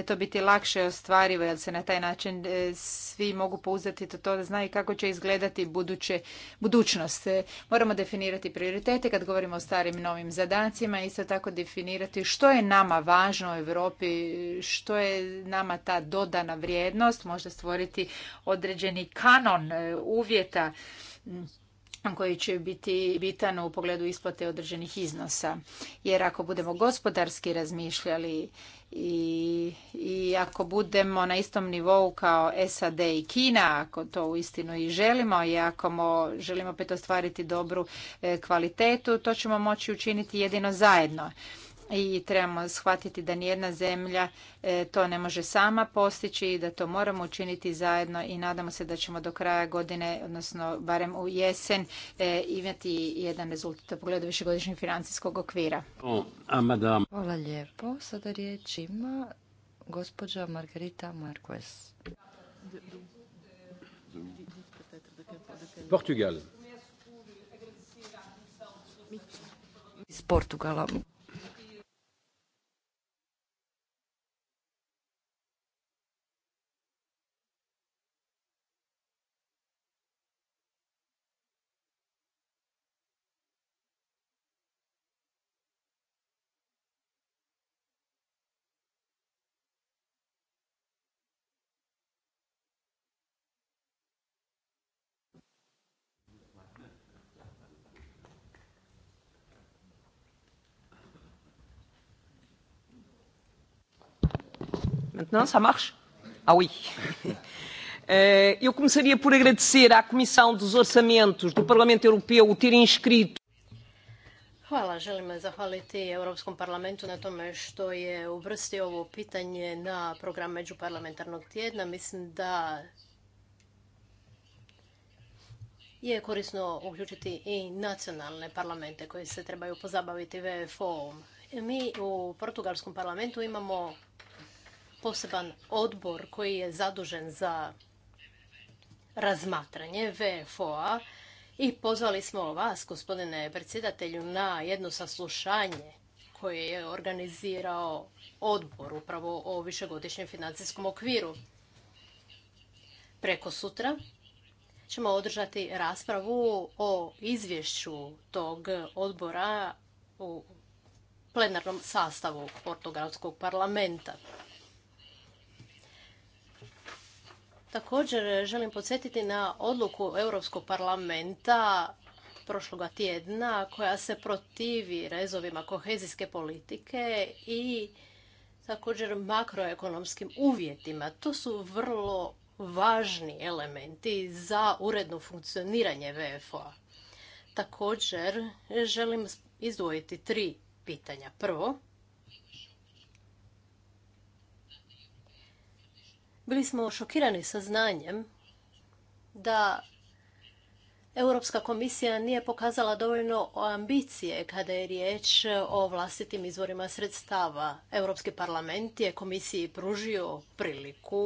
to biti lakše ostvarivo, jer se na taj način e, svi mogu pouzdati to, to da znaju kako će izgledati buduće, budućnost. E, moramo definirati prioritete kad govorimo o starim novim zadacima, isto tako definirati što je nama važno u Europi, što je nama ta dodana vrijednost, možda stvoriti određeni kanon uvjeta koji će biti bitan u pogledu isplate određenih iznosa. Jer ako budemo gospodarski razmišljali i, i ako budemo na istom nivou kao SAD i Kina, ako to uistinu i želimo i ako mo, želimo opet ostvariti dobru e, kvalitetu, to ćemo moći učiniti jedino zajedno i trebamo shvatiti da nijedna zemlja e, to ne može sama postići i da to moramo učiniti zajedno i nadamo se da ćemo do kraja godine, odnosno barem u jesen, e, imati jedan rezultat u pogledu višegodišnjeg financijskog okvira. Hvala lijepo. Sada riječ ima gospođa Margarita Marquez. Portugal. Iz Portugala. Maintenant, ça marche Ah oui eh, Eu começaria por agradecer à Comissão dos Orçamentos do Parlamento Europeu o ter inscrito Hvala, želim zahvaliti Europskom parlamentu na tome što je uvrstio ovo pitanje na program međuparlamentarnog tjedna. Mislim da je korisno uključiti i nacionalne parlamente koji se trebaju pozabaviti VFO-om. Mi u Portugalskom parlamentu imamo poseban odbor koji je zadužen za razmatranje VFO-a i pozvali smo vas, gospodine predsjedatelju, na jedno saslušanje koje je organizirao odbor upravo o višegodišnjem financijskom okviru. Preko sutra ćemo održati raspravu o izvješću tog odbora u plenarnom sastavu Portugalskog parlamenta. Također e, želim podsjetiti na odluku Europskog parlamenta prošloga tjedna koja se protivi rezovima kohezijske politike i također makroekonomskim uvjetima. To su vrlo važni elementi za uredno funkcioniranje VFO-a. Također želim izdvojiti tri pitanja. Prvo, Bili smo šokirani sa znanjem da Europska komisija nije pokazala dovoljno ambicije kada je riječ o vlastitim izvorima sredstava. Europski parlament je komisiji pružio priliku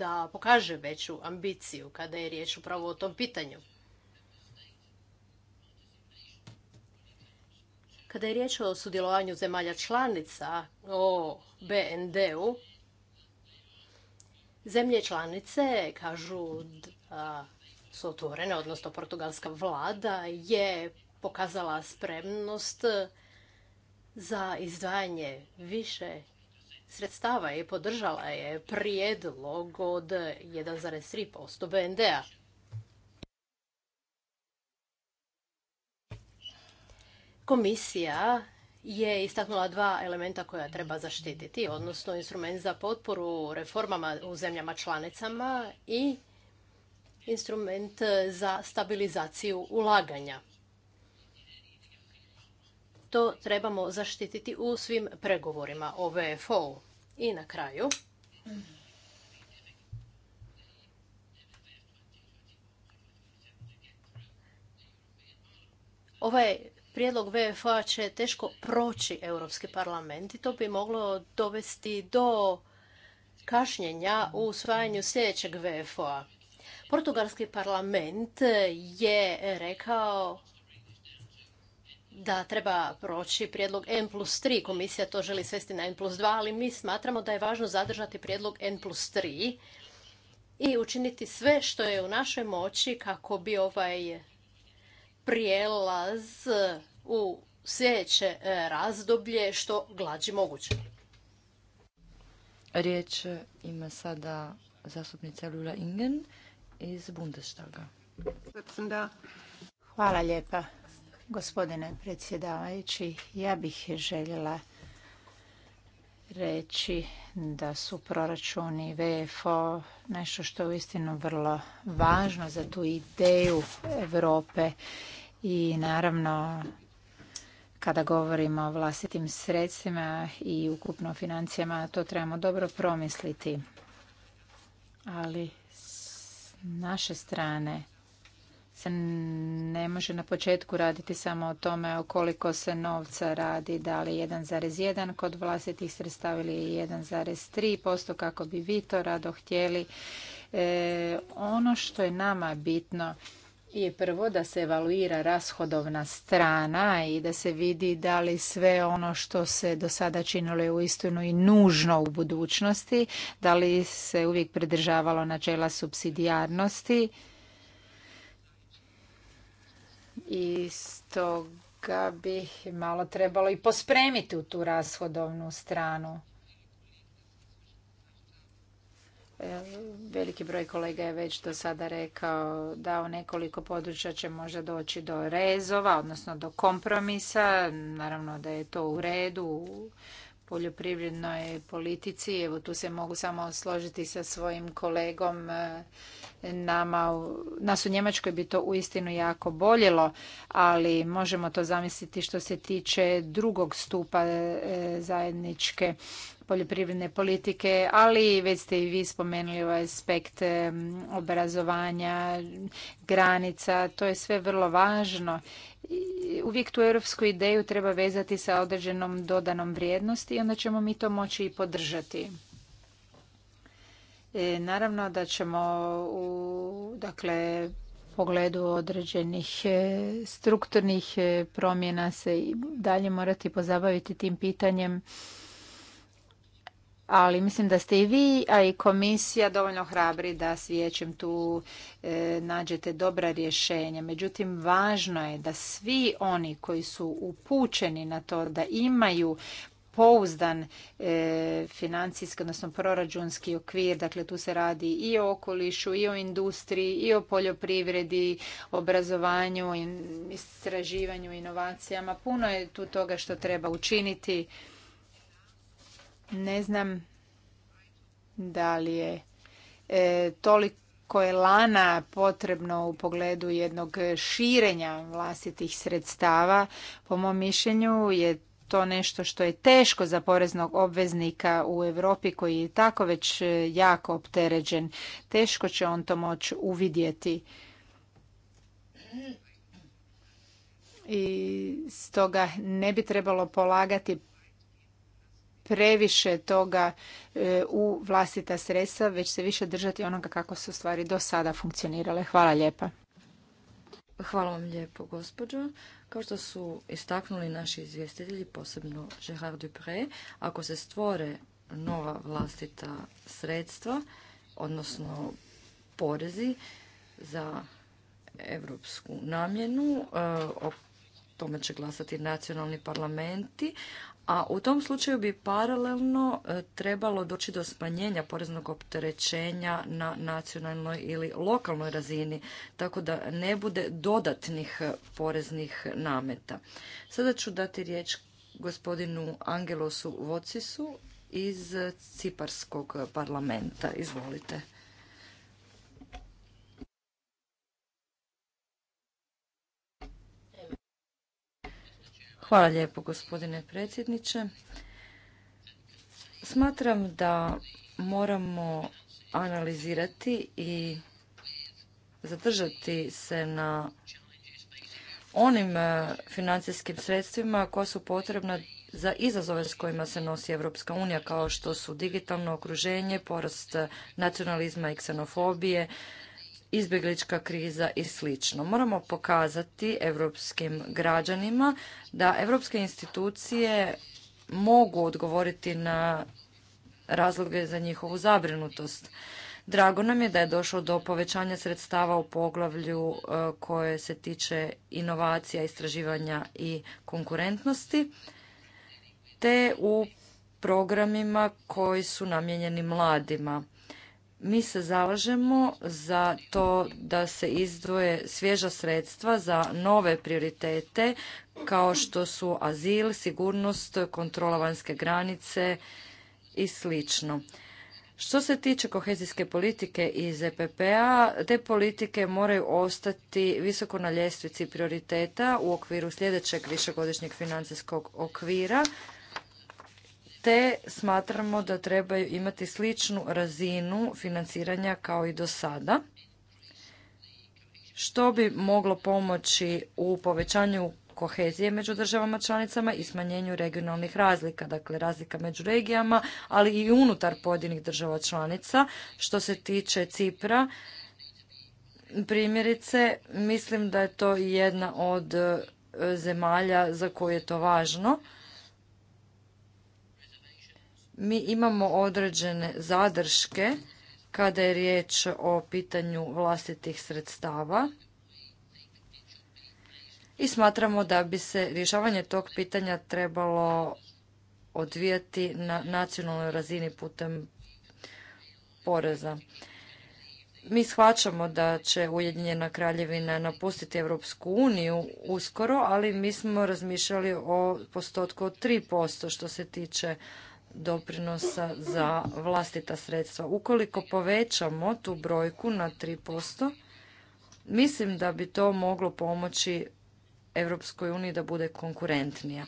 da pokaže veću ambiciju kada je riječ upravo o tom pitanju. Kada je riječ o sudjelovanju zemalja članica o BND-u, Zemlje članice kažu da su otvorene, odnosno portugalska vlada je pokazala spremnost za izdvajanje više sredstava i podržala je prijedlog od 1,3% BND-a. Komisija je istaknula dva elementa koja treba zaštititi, odnosno instrument za potporu reformama u zemljama članicama i instrument za stabilizaciju ulaganja. To trebamo zaštititi u svim pregovorima o VFO-u. I na kraju, ovaj prijedlog VFA će teško proći Europski parlament i to bi moglo dovesti do kašnjenja u usvajanju sljedećeg VFO-a. Portugalski parlament je rekao da treba proći prijedlog N plus Komisija to želi svesti na N plus 2, ali mi smatramo da je važno zadržati prijedlog N plus i učiniti sve što je u našoj moći kako bi ovaj prijelaz uh, u sljedeće uh, razdoblje što glađi moguće. Riječ uh, ima sada zastupnica Lula Ingen iz Bundestaga. Hvala lijepa, gospodine predsjedavajući. Ja bih željela reći da su proračuni VFO nešto što je uistinu vrlo važno za tu ideju Europe i naravno kada govorimo o vlastitim sredstvima i ukupno financijama to trebamo dobro promisliti. Ali s naše strane se ne može na početku raditi samo o tome o koliko se novca radi, da li 1,1 kod vlastitih sredstava ili 1,3% kako bi vi to rado htjeli. E, ono što je nama bitno je prvo da se evaluira rashodovna strana i da se vidi da li sve ono što se do sada činilo je uistinu i nužno u budućnosti, da li se uvijek pridržavalo načela subsidijarnosti. I stoga bi malo trebalo i pospremiti u tu rashodovnu stranu. E, veliki broj kolega je već do sada rekao da u nekoliko područja će možda doći do rezova, odnosno do kompromisa. Naravno da je to u redu poljoprivrednoj politici. Evo tu se mogu samo složiti sa svojim kolegom. E, nama, nas u Njemačkoj bi to uistinu jako boljelo, ali možemo to zamisliti što se tiče drugog stupa e, zajedničke poljoprivredne politike, ali već ste i vi spomenuli ovaj aspekt e, obrazovanja, granica, to je sve vrlo važno uvijek tu europsku ideju treba vezati sa određenom dodanom vrijednosti i onda ćemo mi to moći i podržati. E, naravno da ćemo u dakle, pogledu određenih e, strukturnih e, promjena se i dalje morati pozabaviti tim pitanjem ali mislim da ste i vi, a i komisija dovoljno hrabri da s vijećem tu e, nađete dobra rješenja. Međutim, važno je da svi oni koji su upućeni na to da imaju pouzdan e, financijski, odnosno proračunski okvir, dakle tu se radi i o okolišu, i o industriji, i o poljoprivredi, obrazovanju, i istraživanju, inovacijama. Puno je tu toga što treba učiniti ne znam da li je e, toliko je lana potrebno u pogledu jednog širenja vlastitih sredstava. Po mom mišljenju je to nešto što je teško za poreznog obveznika u Europi koji je tako već jako opteređen. Teško će on to moći uvidjeti. I stoga ne bi trebalo polagati previše toga e, u vlastita sredstva, već se više držati onoga kako su stvari do sada funkcionirale. Hvala lijepa. Hvala vam lijepo, gospođo. Kao što su istaknuli naši izvjestitelji, posebno Gérard Dupre, ako se stvore nova vlastita sredstva, odnosno porezi za europsku namjenu, e, o tome će glasati nacionalni parlamenti, a u tom slučaju bi paralelno e, trebalo doći do smanjenja poreznog opterećenja na nacionalnoj ili lokalnoj razini, tako da ne bude dodatnih e, poreznih nameta. Sada ću dati riječ gospodinu Angelosu Vocisu iz Ciparskog parlamenta. Izvolite. Hvala lijepo gospodine predsjedniče. Smatram da moramo analizirati i zadržati se na onim e, financijskim sredstvima koja su potrebna za izazove s kojima se nosi Europska unija, kao što su digitalno okruženje, porast nacionalizma i ksenofobije, izbjeglička kriza i slično. Moramo pokazati europskim građanima da europske institucije mogu odgovoriti na razloge za njihovu zabrinutost. Drago nam je da je došlo do povećanja sredstava u poglavlju e, koje se tiče inovacija, istraživanja i konkurentnosti, te u programima koji su namijenjeni mladima. Mi se zalažemo za to da se izdvoje svježa sredstva za nove prioritete kao što su azil, sigurnost, kontrola vanjske granice i slično. Što se tiče kohezijske politike i ZPP-a, e te politike moraju ostati visoko na ljestvici prioriteta u okviru sljedećeg višegodišnjeg financijskog okvira te smatramo da trebaju imati sličnu razinu financiranja kao i do sada, što bi moglo pomoći u povećanju kohezije među državama članicama i smanjenju regionalnih razlika, dakle razlika među regijama, ali i unutar pojedinih država članica. Što se tiče Cipra, primjerice, mislim da je to jedna od e, zemalja za koje je to važno mi imamo određene zadrške kada je riječ o pitanju vlastitih sredstava i smatramo da bi se rješavanje tog pitanja trebalo odvijati na nacionalnoj razini putem poreza. Mi shvaćamo da će Ujedinjena kraljevina napustiti Europsku uniju uskoro, ali mi smo razmišljali o postotku od 3% što se tiče doprinosa za vlastita sredstva. Ukoliko povećamo tu brojku na 3%, mislim da bi to moglo pomoći Europskoj uniji da bude konkurentnija.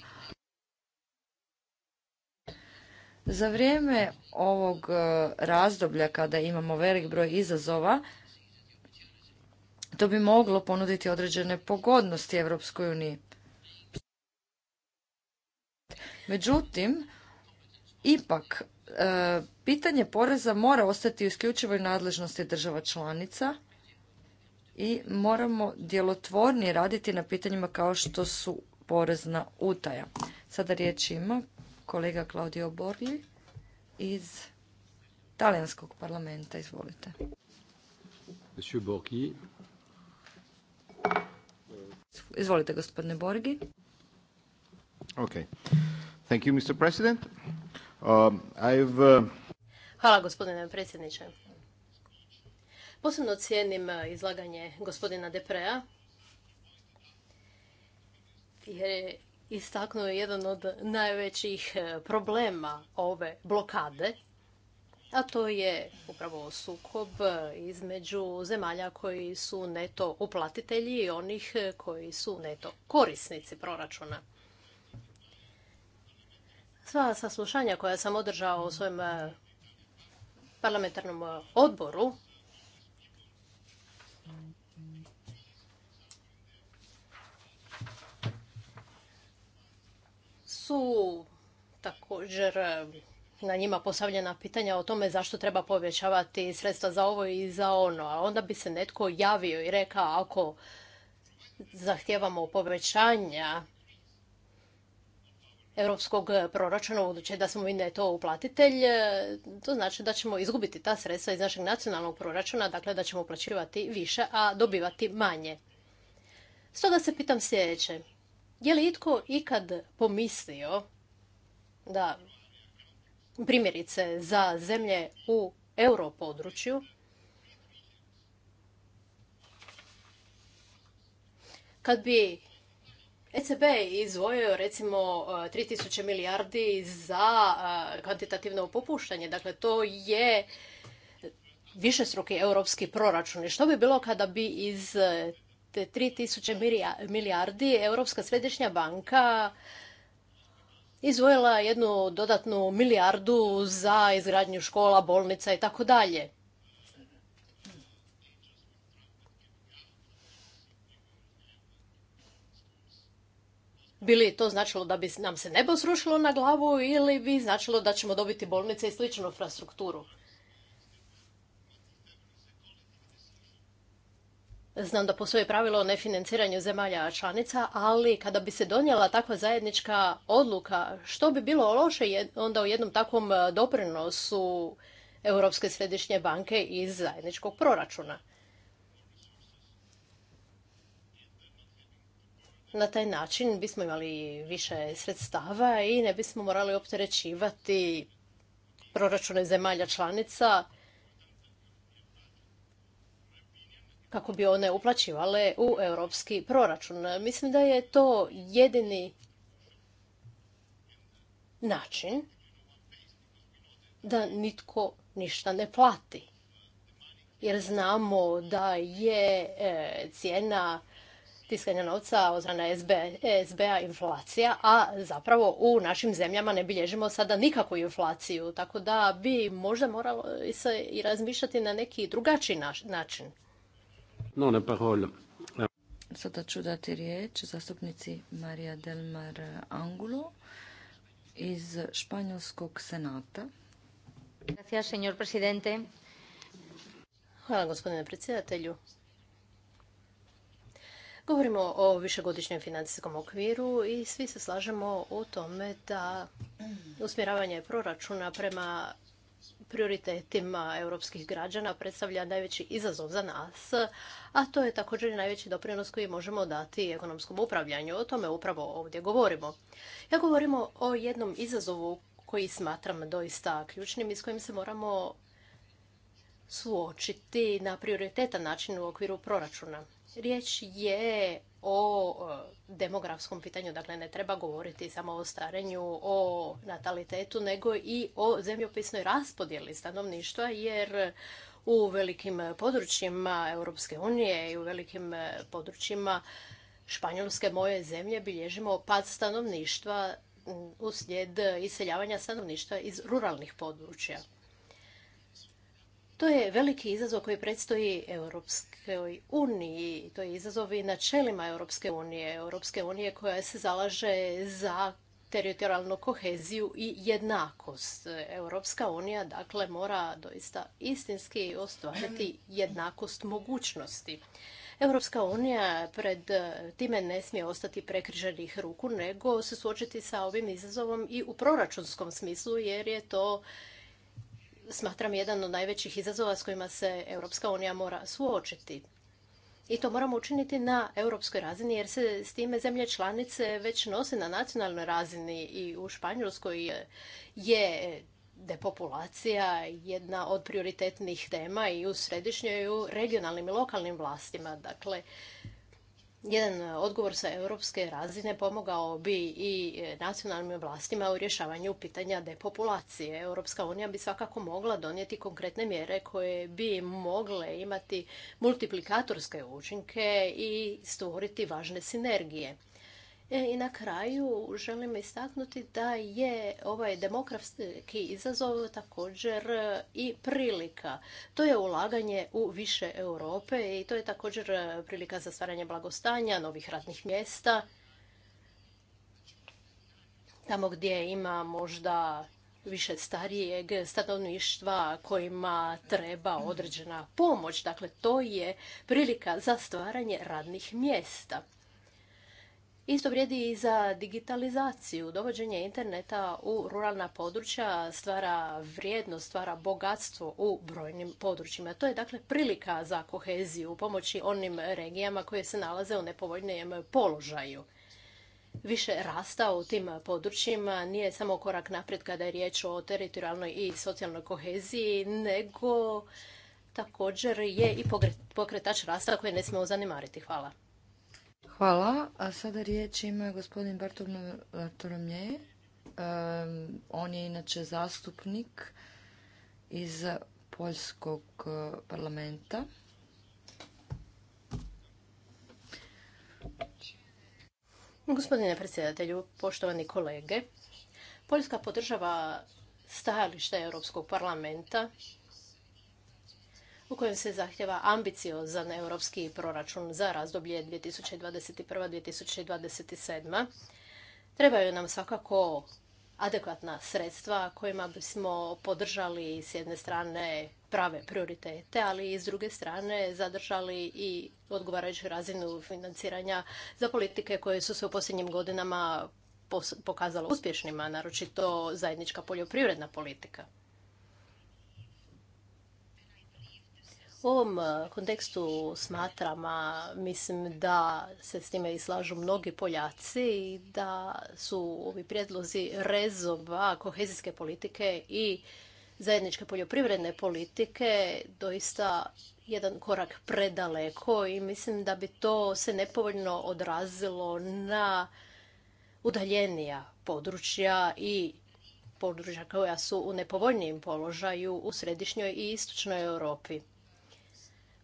Za vrijeme ovog e, razdoblja kada imamo velik broj izazova, to bi moglo ponuditi određene pogodnosti Europskoj uniji. Međutim, Ipak, e, pitanje poreza mora ostati u isključivoj nadležnosti država članica i moramo djelotvornije raditi na pitanjima kao što su porezna utaja. Sada riječ ima kolega Claudio Borlji iz talijanskog parlamenta. Izvolite. Izvolite, gospodine Borgi. Ok. Thank you, Mr. President. Um, uh, Hvala gospodine predsjedniče. Posebno cijenim uh, izlaganje gospodina Deprea jer je istaknuo jedan od najvećih uh, problema ove blokade, a to je upravo sukob između zemalja koji su neto uplatitelji i onih koji su neto korisnici proračuna. Sva saslušanja koja sam održao u svojem eh, parlamentarnom eh, odboru su također eh, na njima postavljena pitanja o tome zašto treba povećavati sredstva za ovo i za ono. A onda bi se netko javio i rekao ako zahtijevamo povećanja europskog proračuna, budući da smo mi to uplatitelj, e, to znači da ćemo izgubiti ta sredstva iz našeg nacionalnog proračuna, dakle da ćemo uplaćivati više, a dobivati manje. Stoga se pitam sljedeće. Je li itko ikad pomislio da primjerice za zemlje u europodručju kad bi ECB je izvojio recimo 3000 e, milijardi za e, kvantitativno popuštanje. Dakle, to je višestruki europski proračun. I što bi bilo kada bi iz te 3000 milijardi Europska središnja banka izvojila jednu dodatnu milijardu za izgradnju škola, bolnica i tako dalje. Bi li to značilo da bi nam se nebo srušilo na glavu ili bi značilo da ćemo dobiti bolnice i sličnu infrastrukturu? Znam da postoji pravilo o nefinanciranju zemalja članica, ali kada bi se donijela takva zajednička odluka, što bi bilo loše onda u jednom takvom doprinosu Europske središnje banke iz zajedničkog proračuna? Na taj način bismo imali više sredstava i ne bismo morali opterećivati proračune zemalja članica kako bi one uplaćivale u europski proračun. Mislim da je to jedini način da nitko ništa ne plati. Jer znamo da je e, cijena tiskanja novca od strane sb inflacija, a zapravo u našim zemljama ne bilježimo sada nikakvu inflaciju, tako da bi možda moralo se i razmišljati na neki drugačiji način. ne pa Sada ću dati riječ zastupnici Marija Delmar Angulo iz Španjolskog senata. Hvala, gospodine predsjedatelju. Govorimo o višegodišnjem financijskom okviru i svi se slažemo u tome da usmjeravanje proračuna prema prioritetima europskih građana predstavlja najveći izazov za nas, a to je također najveći doprinos koji možemo dati ekonomskom upravljanju. O tome upravo ovdje govorimo. Ja govorimo o jednom izazovu koji smatram doista ključnim i s kojim se moramo suočiti na prioritetan način u okviru proračuna. Riječ je o e, demografskom pitanju, dakle ne treba govoriti samo o starenju, o natalitetu, nego i o zemljopisnoj raspodjeli stanovništva, jer u velikim područjima Europske unije i u velikim e, područjima Španjolske moje zemlje bilježimo pad stanovništva uslijed iseljavanja stanovništva iz ruralnih područja. To je veliki izazov koji predstoji Europskoj uniji. To je izazov i čelima Europske unije. Europske unije koja se zalaže za teritorijalnu koheziju i jednakost. Europska unija dakle mora doista istinski ostvariti jednakost mogućnosti. Europska unija pred time ne smije ostati prekriženih ruku, nego se suočiti sa ovim izazovom i u proračunskom smislu, jer je to smatram jedan od najvećih izazova s kojima se Europska unija mora suočiti. I to moramo učiniti na europskoj razini jer se s time zemlje članice već nose na nacionalnoj razini i u Španjolskoj je depopulacija jedna od prioritetnih tema i u središnjoj i u regionalnim i lokalnim vlastima. Dakle, jedan e, odgovor sa europske razine pomogao bi i e, nacionalnim vlastima u rješavanju pitanja depopulacije. Europska unija bi svakako mogla donijeti konkretne mjere koje bi mogle imati multiplikatorske učinke i stvoriti važne sinergije. E, I na kraju želim istaknuti da je ovaj demografski izazov također e, i prilika. To je ulaganje u više Europe i to je također e, prilika za stvaranje blagostanja, novih radnih mjesta. Tamo gdje ima možda više starijeg stanovništva kojima treba određena pomoć. Dakle, to je prilika za stvaranje radnih mjesta. Isto vrijedi i za digitalizaciju. Dovođenje interneta u ruralna područja stvara vrijednost, stvara bogatstvo u brojnim područjima. To je dakle prilika za koheziju, pomoći onim regijama koje se nalaze u nepovoljnijem položaju. Više rasta u tim područjima nije samo korak naprijed kada je riječ o teritorijalnoj i socijalnoj koheziji, nego također je i pokretač rasta koje ne smemo zanemariti. Hvala. Hvala. A sada riječ ima gospodin Bartolomej. On je inače zastupnik iz Poljskog e, parlamenta. Gospodine predsjedatelju, poštovani kolege, Poljska podržava stajalište Europskog parlamenta u kojem se zahtjeva ambiciozan europski proračun za razdoblje 2021-2027. Trebaju nam svakako adekvatna sredstva kojima bismo podržali s jedne strane prave prioritete, ali i s druge strane zadržali i odgovarajuću razinu financiranja za politike koje su se u posljednjim godinama pokazalo uspješnima, naročito zajednička poljoprivredna politika. ovom e, kontekstu smatram, a mislim da se s time i slažu mnogi Poljaci, i da su ovi prijedlozi rezova kohezijske politike i zajedničke poljoprivredne politike doista jedan korak predaleko i mislim da bi to se nepovoljno odrazilo na udaljenija područja i područja koja su u nepovoljnijem položaju u središnjoj i istočnoj Europi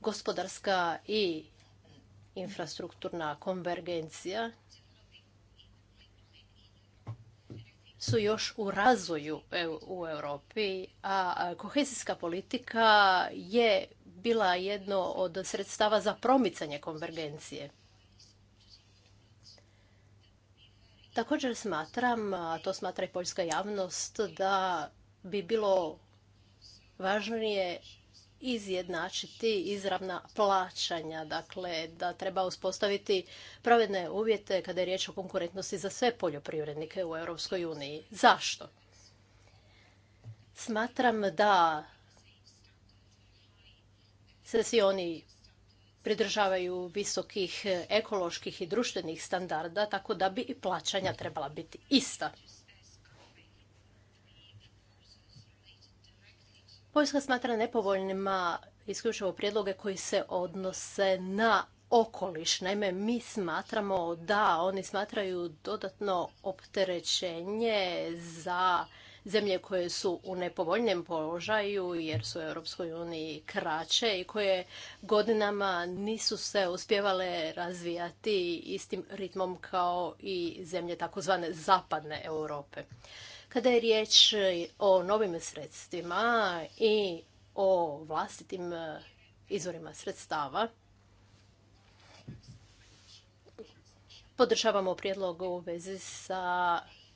gospodarska i infrastrukturna konvergencija su još u razvoju u Europi, a kohezijska politika je bila jedno od sredstava za promicanje konvergencije. Također smatram, a to smatra i poljska javnost, da bi bilo važnije izjednačiti izravna plaćanja, dakle da treba uspostaviti pravedne uvjete kada je riječ o konkurentnosti za sve poljoprivrednike u Europskoj uniji. Zašto? Smatram da se svi oni pridržavaju visokih ekoloških i društvenih standarda, tako da bi i plaćanja trebala biti ista. Poljska smatra nepovoljnima isključivo prijedloge koji se odnose na okoliš. Naime, mi smatramo da oni smatraju dodatno opterećenje za zemlje koje su u nepovoljnem položaju jer su u Europskoj uniji kraće i koje godinama nisu se uspjevale razvijati istim ritmom kao i zemlje takozvane zapadne Europe. Kada je riječ e, o novim sredstvima i o vlastitim e, izvorima sredstava, podržavamo prijedlog u vezi sa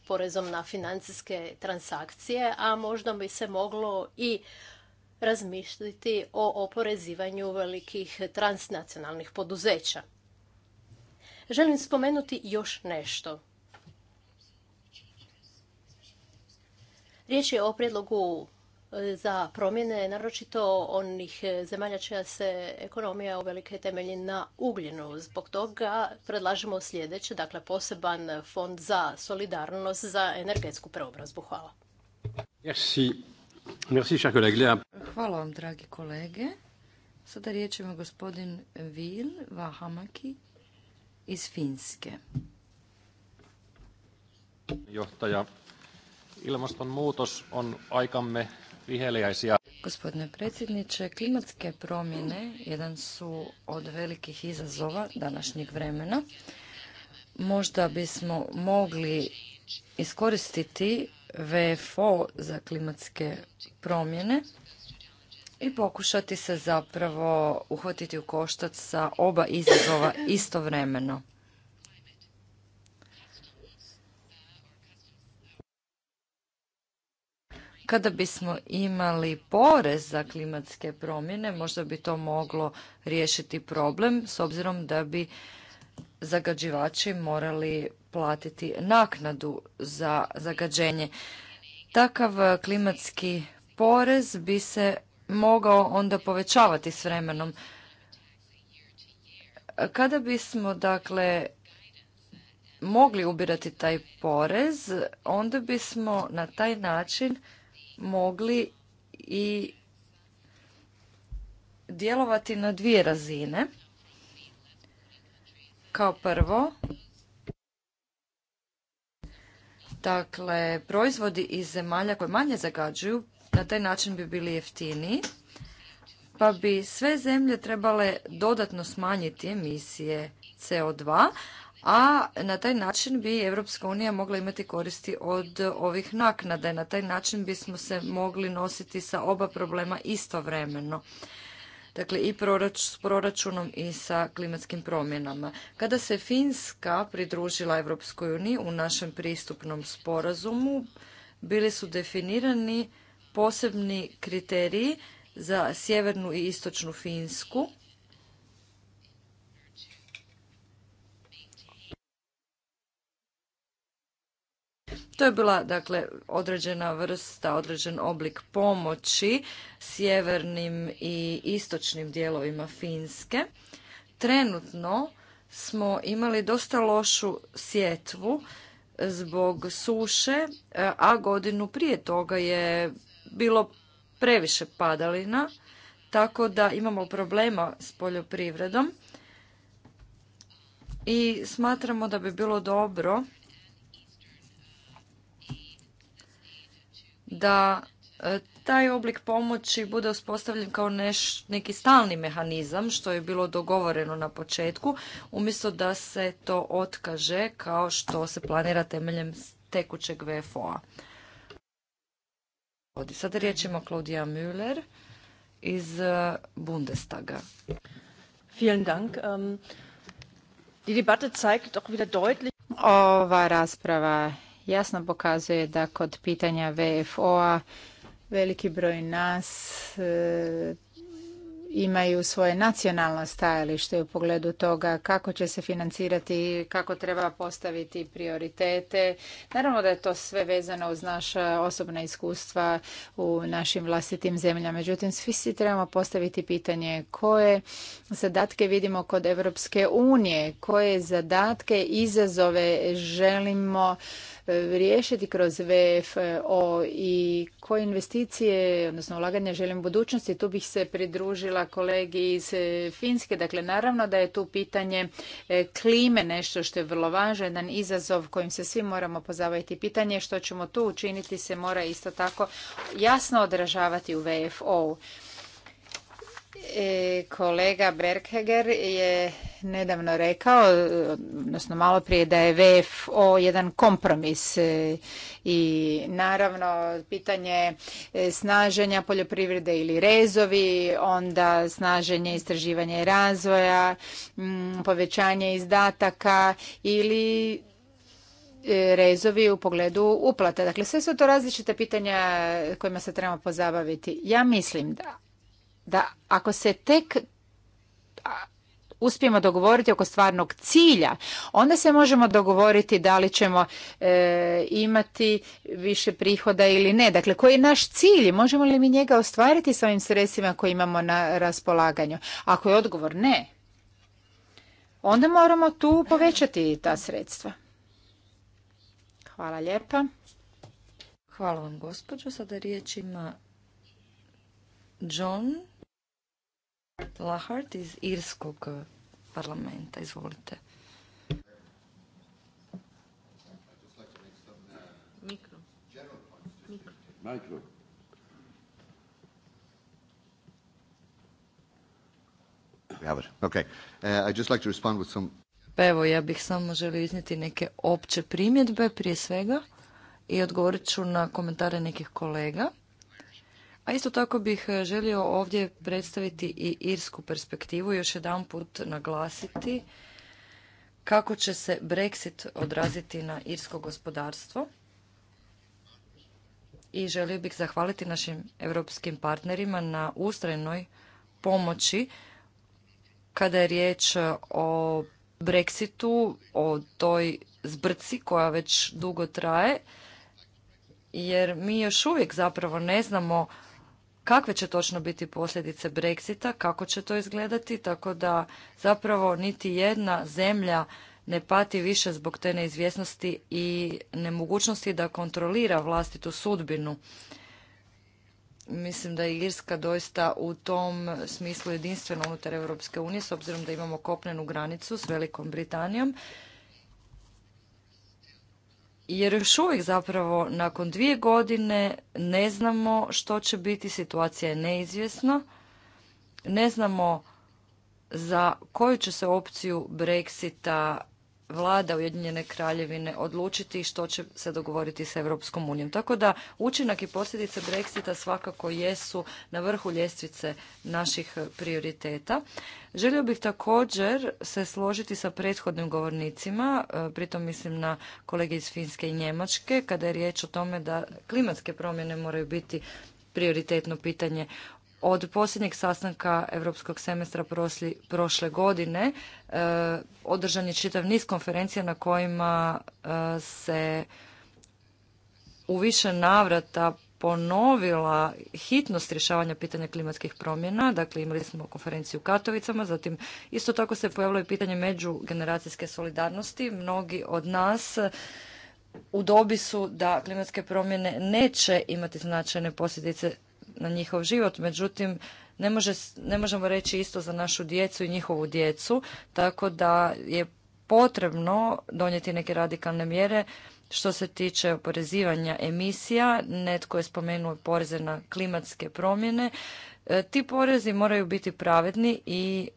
porezom na financijske transakcije, a možda bi se moglo i razmišljati o oporezivanju velikih transnacionalnih poduzeća. Želim spomenuti još nešto. Riječ je o prijedlogu e, za promjene, naročito onih e, zemalja čija se ekonomija u velike temelji na ugljenu. Zbog toga predlažemo sljedeće, dakle poseban fond za solidarnost za energetsku preobrazbu. Hvala. Hvala vam, dragi kolege. Sada riječ ima gospodin Vil Vahamaki iz Finske. Johtaja, Gospodine predsjedniče, klimatske promjene jedan su od velikih izazova današnjeg vremena. Možda bismo mogli iskoristiti VFO za klimatske promjene i pokušati se zapravo uhvatiti u koštac sa oba izazova istovremeno. Kada bismo imali porez za klimatske promjene, možda bi to moglo riješiti problem s obzirom da bi zagađivači morali platiti naknadu za zagađenje. Takav klimatski porez bi se mogao onda povećavati s vremenom. Kada bismo dakle mogli ubirati taj porez, onda bismo na taj način mogli i djelovati na dvije razine. Kao prvo, dakle, proizvodi iz zemalja koje manje zagađuju na taj način bi bili jeftiniji, pa bi sve zemlje trebale dodatno smanjiti emisije CO2, a na taj način bi Evropska unija mogla imati koristi od ovih naknada na taj način bismo se mogli nositi sa oba problema istovremeno. Dakle, i s proračunom i sa klimatskim promjenama. Kada se Finska pridružila Evropskoj uniji u našem pristupnom sporazumu, bili su definirani posebni kriteriji za sjevernu i istočnu Finsku To je bila dakle određena vrsta, određen oblik pomoći sjevernim i istočnim dijelovima Finske. Trenutno smo imali dosta lošu sjetvu zbog suše, a godinu prije toga je bilo previše padalina, tako da imamo problema s poljoprivredom i smatramo da bi bilo dobro da e, taj oblik pomoći bude uspostavljen kao neš, neki stalni mehanizam što je bilo dogovoreno na početku umjesto da se to otkaže kao što se planira temeljem tekućeg VFO-a. Sada riječ ima Claudia Müller iz e, Bundestaga. Vielen Dank. Ähm, die Debatte zeigt wieder deutlich... Ova rasprava jasno pokazuje da kod pitanja VFO-a veliki broj nas e, imaju svoje nacionalno stajalište u pogledu toga kako će se financirati, kako treba postaviti prioritete. Naravno da je to sve vezano uz naša osobna iskustva u našim vlastitim zemljama. Međutim, svi si trebamo postaviti pitanje koje zadatke vidimo kod Europske unije, koje zadatke, izazove želimo riješiti kroz VFO i koje investicije, odnosno ulaganja želim u budućnosti. Tu bih se pridružila kolegi iz Finske. Dakle, naravno da je tu pitanje e, klime nešto što je vrlo važno, jedan izazov kojim se svi moramo pozabaviti. Pitanje što ćemo tu učiniti se mora isto tako jasno odražavati u VFO-u. E, kolega Bergheger je nedavno rekao, odnosno malo prije, da je VFO jedan kompromis e, i naravno pitanje e, snaženja poljoprivrede ili rezovi, onda snaženje istraživanja i razvoja, povećanje izdataka ili rezovi u pogledu uplata. Dakle, sve su to različita pitanja kojima se trebamo pozabaviti. Ja mislim da da ako se tek uspijemo dogovoriti oko stvarnog cilja, onda se možemo dogovoriti da li ćemo e, imati više prihoda ili ne. Dakle, koji je naš cilj? Možemo li mi njega ostvariti s ovim sredstvima koje imamo na raspolaganju? Ako je odgovor ne, onda moramo tu povećati ta sredstva. Hvala lijepa. Hvala vam, gospođo. Sada riječ ima John Lahart iz Irskog eh, parlamenta, izvolite. Mikro. Eh, pa evo, ja bih samo želio iznijeti neke opće primjedbe prije svega i odgovorit ću na komentare nekih kolega. A isto tako bih e, želio ovdje predstaviti i irsku perspektivu, još jedan put naglasiti kako će se Brexit odraziti na irsko gospodarstvo. I želio bih zahvaliti našim europskim partnerima na ustrajnoj pomoći kada je riječ e, o Brexitu, o toj zbrci koja već dugo traje, jer mi još uvijek zapravo ne znamo kakve će točno biti posljedice Brexita, kako će to izgledati, tako da zapravo niti jedna zemlja ne pati više zbog te neizvjesnosti i nemogućnosti da kontrolira vlastitu sudbinu. Mislim da je Irska doista u tom smislu jedinstvena unutar Europske unije, s obzirom da imamo kopnenu granicu s Velikom Britanijom jer još uvijek zapravo nakon dvije godine ne znamo što će biti, situacija je neizvjesna, ne znamo za koju će se opciju Brexita vlada Ujedinjene kraljevine odlučiti što će se dogovoriti sa Europskom unijom. Tako da učinak i posljedice Brexita svakako jesu na vrhu ljestvice naših prioriteta. Želio bih također se složiti sa prethodnim govornicima, e, pritom mislim na kolege iz Finske i Njemačke, kada je riječ o tome da klimatske promjene moraju biti prioritetno pitanje od posljednjeg sastanka Europskog semestra prošle godine e, održan je čitav niz konferencija na kojima e, se u više navrata ponovila hitnost rješavanja pitanja klimatskih promjena. Dakle, imali smo konferenciju u Katovicama, zatim isto tako se pojavilo i pitanje međugeneracijske solidarnosti. Mnogi od nas u dobi su da klimatske promjene neće imati značajne posljedice na njihov život, međutim ne, može, ne možemo reći isto za našu djecu i njihovu djecu, tako da je potrebno donijeti neke radikalne mjere što se tiče oporezivanja emisija. Netko je spomenuo poreze na klimatske promjene. E, ti porezi moraju biti pravedni i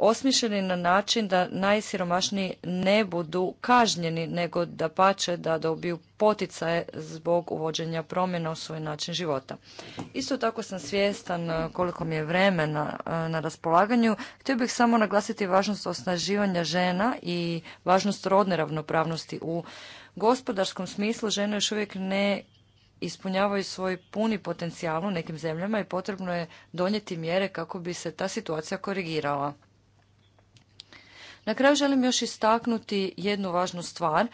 osmišljeni na način da najsiromašniji ne budu kažnjeni, nego da pače da dobiju poticaje zbog uvođenja promjena u svoj način života. Isto tako sam svjestan e, koliko mi je vremena e, na raspolaganju. Htio bih samo naglasiti važnost osnaživanja žena i važnost rodne ravnopravnosti. U gospodarskom smislu žene još uvijek ne ispunjavaju svoj puni potencijal u nekim zemljama i potrebno je donijeti mjere kako bi se ta situacija korigirala. Na kraju želim još istaknuti jednu važnu stvar.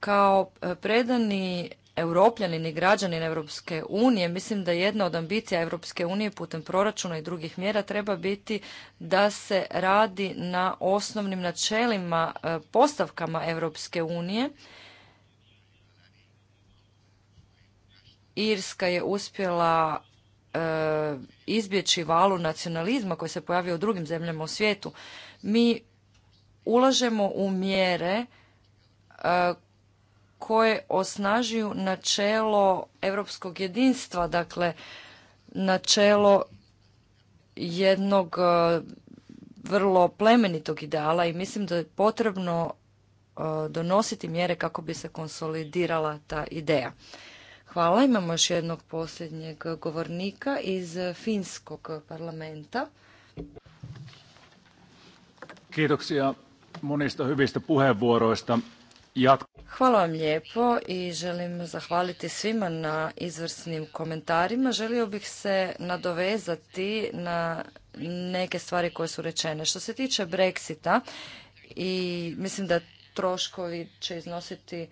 Kao e, predani europljanin i građanin Europske unije, mislim da jedna od ambicija Europske unije putem proračuna i drugih mjera treba biti da se radi na osnovnim načelima, e, postavkama Europske unije. Irska je uspjela e, izbjeći valu nacionalizma koji se pojavio u drugim zemljama u svijetu. Mi ulažemo u mjere e, koje osnažuju načelo europskog jedinstva, dakle načelo jednog e, vrlo plemenitog ideala i mislim da je potrebno e, donositi mjere kako bi se konsolidirala ta ideja. Hvala. Imamo još jednog posljednjeg govornika iz finskog parlamenta. Kiitoksia monista hyvistä puheenvuoroista. Hvala vam lijepo i želim zahvaliti svima na izvrsnim komentarima. Želio bih se nadovezati na neke stvari koje su rečene. Što se tiče Brexita i mislim da troškovi će iznositi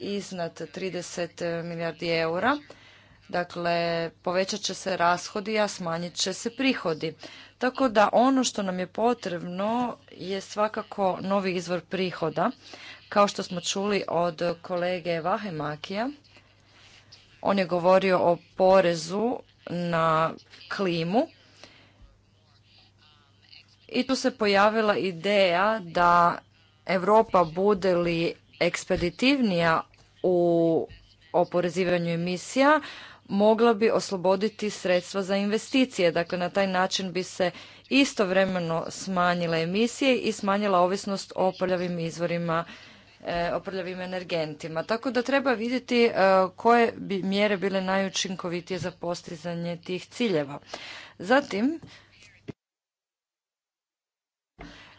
iznad 30 milijardi eura. Dakle, povećat će se rashodi, a smanjit će se prihodi. Tako da ono što nam je potrebno je svakako novi izvor prihoda. Kao što smo čuli od kolege Vahemakija, on je govorio o porezu na klimu. I tu se pojavila ideja da Europa bude li ekspeditivnija u oporezivanju emisija, mogla bi osloboditi sredstva za investicije. Dakle, na taj način bi se istovremeno smanjile emisije i smanjila ovisnost o prljavim izvorima e, o energentima. Tako da treba vidjeti e, koje bi mjere bile najučinkovitije za postizanje tih ciljeva. Zatim,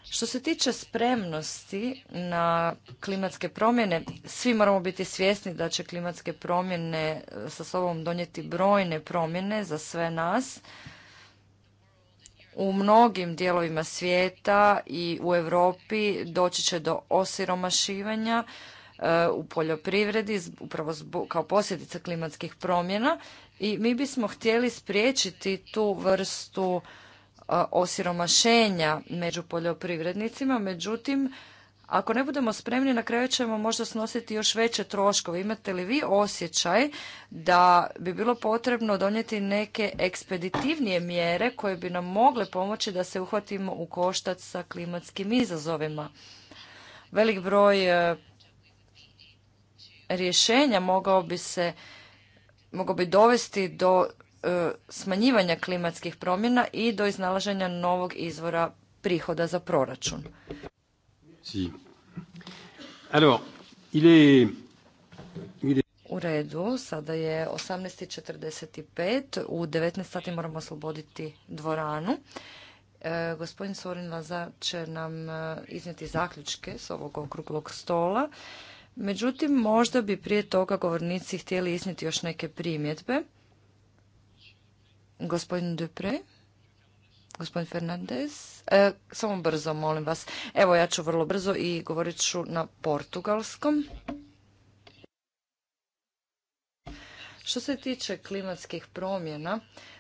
što se tiče spremnosti na klimatske promjene, svi moramo biti svjesni da će klimatske promjene e, sa sobom donijeti brojne promjene za sve nas. U mnogim dijelovima svijeta i u Europi doći će do osiromašivanja e, u poljoprivredi upravo kao posljedica klimatskih promjena i mi bismo htjeli spriječiti tu vrstu osiromašenja među poljoprivrednicima, međutim, ako ne budemo spremni, na kraju ćemo možda snositi još veće troškove. Imate li vi osjećaj da bi bilo potrebno donijeti neke ekspeditivnije mjere koje bi nam mogle pomoći da se uhvatimo u koštac sa klimatskim izazovima? Velik broj e, rješenja mogao bi se mogao bi dovesti do E, smanjivanja klimatskih promjena i do iznalaženja novog izvora prihoda za proračun. U redu, sada je 18.45, u 19 sati moramo osloboditi dvoranu. E, gospodin Sorin Laza će nam e, iznijeti zaključke s ovog okruglog stola. Međutim, možda bi prije toga govornici htjeli iznijeti još neke primjedbe. Gospodin Dupre, gospodin Fernandez, e, samo brzo molim vas. Evo ja ću vrlo brzo i govorit ću na portugalskom. Što se tiče klimatskih promjena,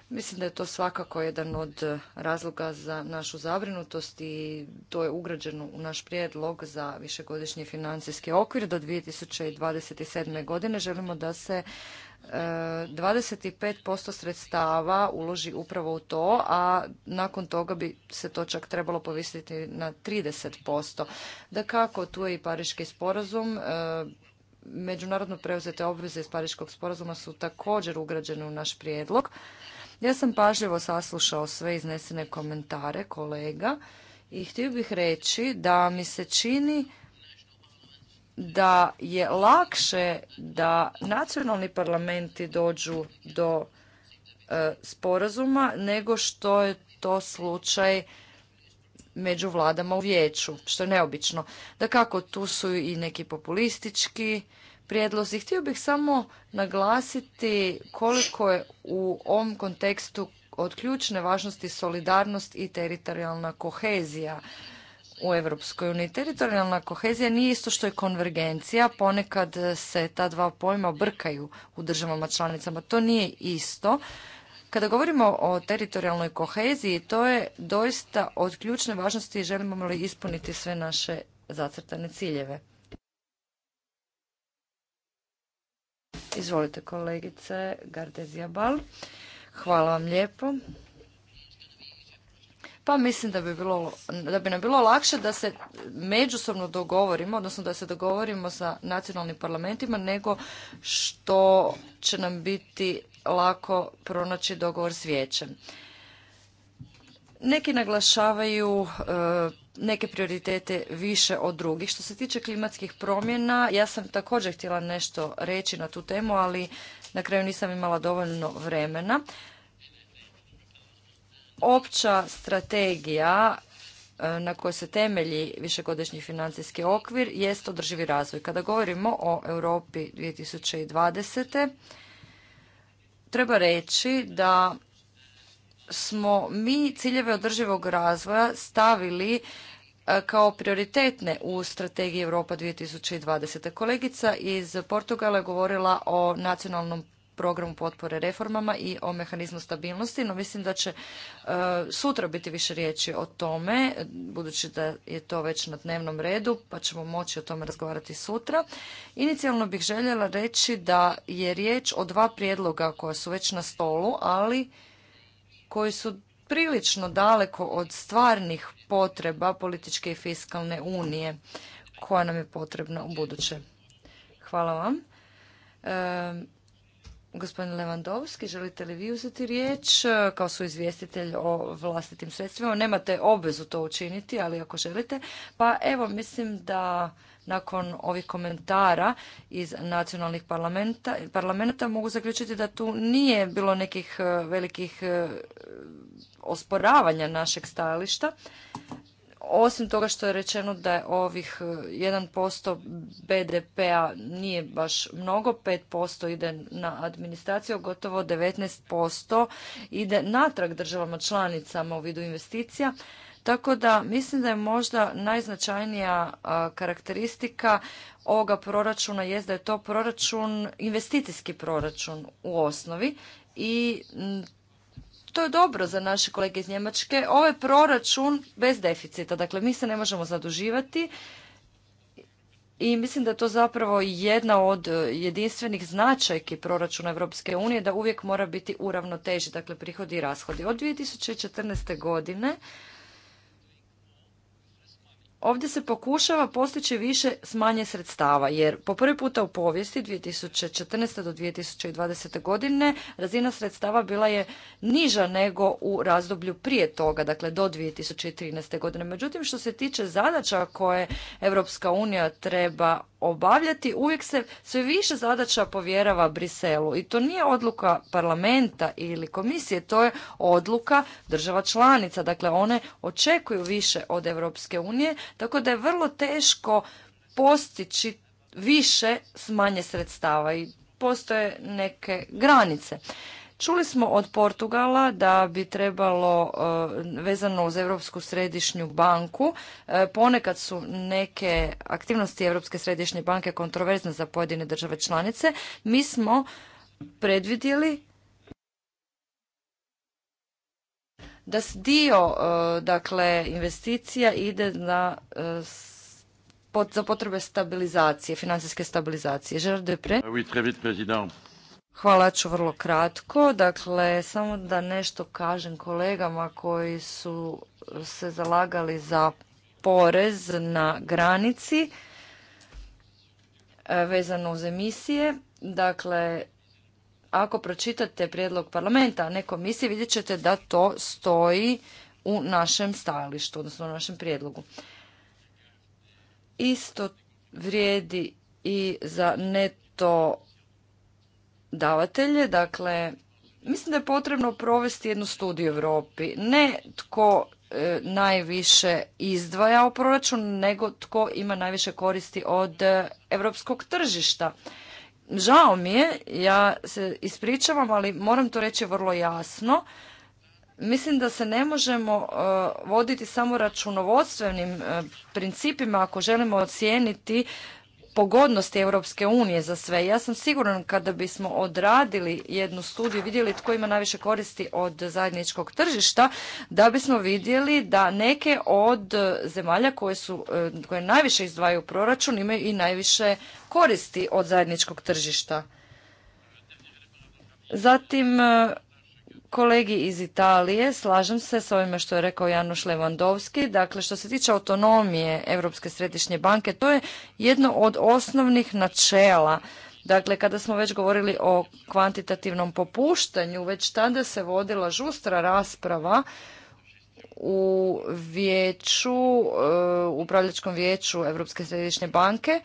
mislim da je to svakako jedan od razloga za našu zabrinutost i to je ugrađeno u naš prijedlog za višegodišnji financijski okvir do 2027. godine. Želimo da se 25% sredstava uloži upravo u to, a nakon toga bi se to čak trebalo povisiti na 30%. Da kako, tu je i Pariški sporazum, e, međunarodno preuzete obveze iz Pariškog sporazuma su također ugrađene u naš prijedlog. Ja sam pažljivo saslušao sve iznesene komentare kolega i htio bih reći da mi se čini da je lakše da nacionalni parlamenti dođu do e, sporazuma nego što je to slučaj među vladama u vijeću, što je neobično. Da kako tu su i neki populistički prijedlozi. Htio bih samo naglasiti koliko je u ovom kontekstu od ključne važnosti solidarnost i teritorijalna kohezija u Europskoj uniji. Teritorijalna kohezija nije isto što je konvergencija, ponekad se ta dva pojma brkaju u državama članicama. To nije isto. Kada govorimo o teritorijalnoj koheziji, to je doista od ključne važnosti i želimo li ispuniti sve naše zacrtane ciljeve. Izvolite kolegice Gardezija Bal. Hvala vam lijepo pa mislim da bi, bilo, da bi nam bilo lakše da se međusobno dogovorimo, odnosno da se dogovorimo sa nacionalnim parlamentima, nego što će nam biti lako pronaći dogovor s vijećem. Neki naglašavaju e, neke prioritete više od drugih. Što se tiče klimatskih promjena, ja sam također htjela nešto reći na tu temu, ali na kraju nisam imala dovoljno vremena opća strategija e, na kojoj se temelji višegodišnji financijski okvir jest održivi razvoj. Kada govorimo o Europi 2020. treba reći da smo mi ciljeve održivog razvoja stavili e, kao prioritetne u strategiji Europa 2020. Kolegica iz Portugala je govorila o nacionalnom programu potpore reformama i o mehanizmu stabilnosti, no mislim da će e, sutra biti više riječi o tome, budući da je to već na dnevnom redu, pa ćemo moći o tome razgovarati sutra. Inicijalno bih željela reći da je riječ o dva prijedloga koja su već na stolu, ali koji su prilično daleko od stvarnih potreba političke i fiskalne unije koja nam je potrebna u buduće. Hvala vam. E, Gospodin Levandovski, želite li vi uzeti riječ e, kao su izvjestitelj o vlastitim sredstvima? Nemate obvezu to učiniti, ali ako želite. Pa evo, mislim da nakon ovih komentara iz nacionalnih parlamenta, parlamenta mogu zaključiti da tu nije bilo nekih e, velikih e, osporavanja našeg stajališta osim toga što je rečeno da je ovih 1% e, BDP-a nije baš mnogo, 5% ide na administraciju, gotovo 19% ide natrag državama članicama u vidu investicija. Tako da mislim da je možda najznačajnija karakteristika ovoga proračuna je da je to proračun, investicijski proračun u osnovi i to je dobro za naše kolege iz Njemačke. Ovo je proračun bez deficita. Dakle, mi se ne možemo zaduživati i mislim da je to zapravo jedna od jedinstvenih značajki proračuna Europske unije da uvijek mora biti uravnoteži, dakle prihodi i rashodi. Od 2014. godine Ovdje se pokušava postići više s manje sredstava, jer po prvi puta u povijesti 2014. do 2020. godine razina sredstava bila je niža nego u razdoblju prije toga, dakle do 2013. godine. Međutim, što se tiče zadaća koje Europska unija treba obavljati, uvijek se sve više zadaća povjerava Briselu i to nije odluka parlamenta ili komisije, to je odluka država članica. Dakle, one očekuju više od Europske unije, tako da je vrlo teško postići više s manje sredstava i postoje neke granice. Čuli smo od Portugala da bi trebalo e, vezano uz Europsku središnju banku. E, ponekad su neke aktivnosti Europske središnje banke kontroverzne za pojedine države članice. Mi smo predvidjeli da dio e, dakle investicija ide na za potrebe stabilizacije, financijske stabilizacije. Žerde Pre. Ah oui, Hvala ću vrlo kratko. Dakle, samo da nešto kažem kolegama koji su se zalagali za porez na granici e, vezano uz emisije. Dakle, ako pročitate prijedlog parlamenta, a ne komisije, vidjet ćete da to stoji u našem stajalištu, odnosno u našem prijedlogu. Isto vrijedi i za neto davatelje, dakle mislim da je potrebno provesti jednu studiju u Europi, ne tko e, najviše izdvaja u proračun, nego tko ima najviše koristi od e, europskog tržišta. Žao mi je, ja se ispričavam, ali moram to reći vrlo jasno. Mislim da se ne možemo e, voditi samo računovodstvenim principima ako želimo ocijeniti pogodnosti Europske unije za sve. Ja sam siguran kada bismo odradili jednu studiju, vidjeli tko ima najviše koristi od zajedničkog tržišta, da bismo vidjeli da neke od zemalja koje, su, e, koje najviše izdvajaju proračun imaju i najviše koristi od zajedničkog tržišta. Zatim, e, kolegi iz Italije, slažem se s ovime što je rekao Januš Levandovski, dakle što se tiče autonomije Europske središnje banke, to je jedno od osnovnih načela. Dakle, kada smo već govorili o kvantitativnom popuštanju, već tada se vodila žustra rasprava u vijeću, e, upravljačkom vijeću Europske središnje banke,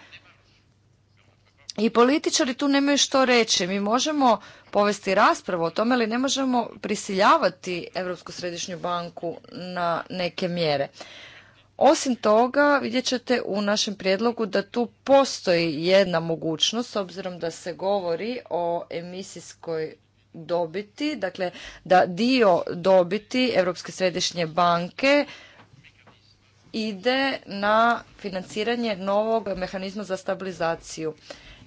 i političari tu nemaju što reći. Mi možemo povesti raspravu o tome, ali ne možemo prisiljavati Europsku središnju banku na neke mjere. Osim toga, vidjet ćete u našem prijedlogu da tu postoji jedna mogućnost, s obzirom da se govori o emisijskoj dobiti, dakle da dio dobiti Europske središnje banke ide na financiranje novog mehanizma za stabilizaciju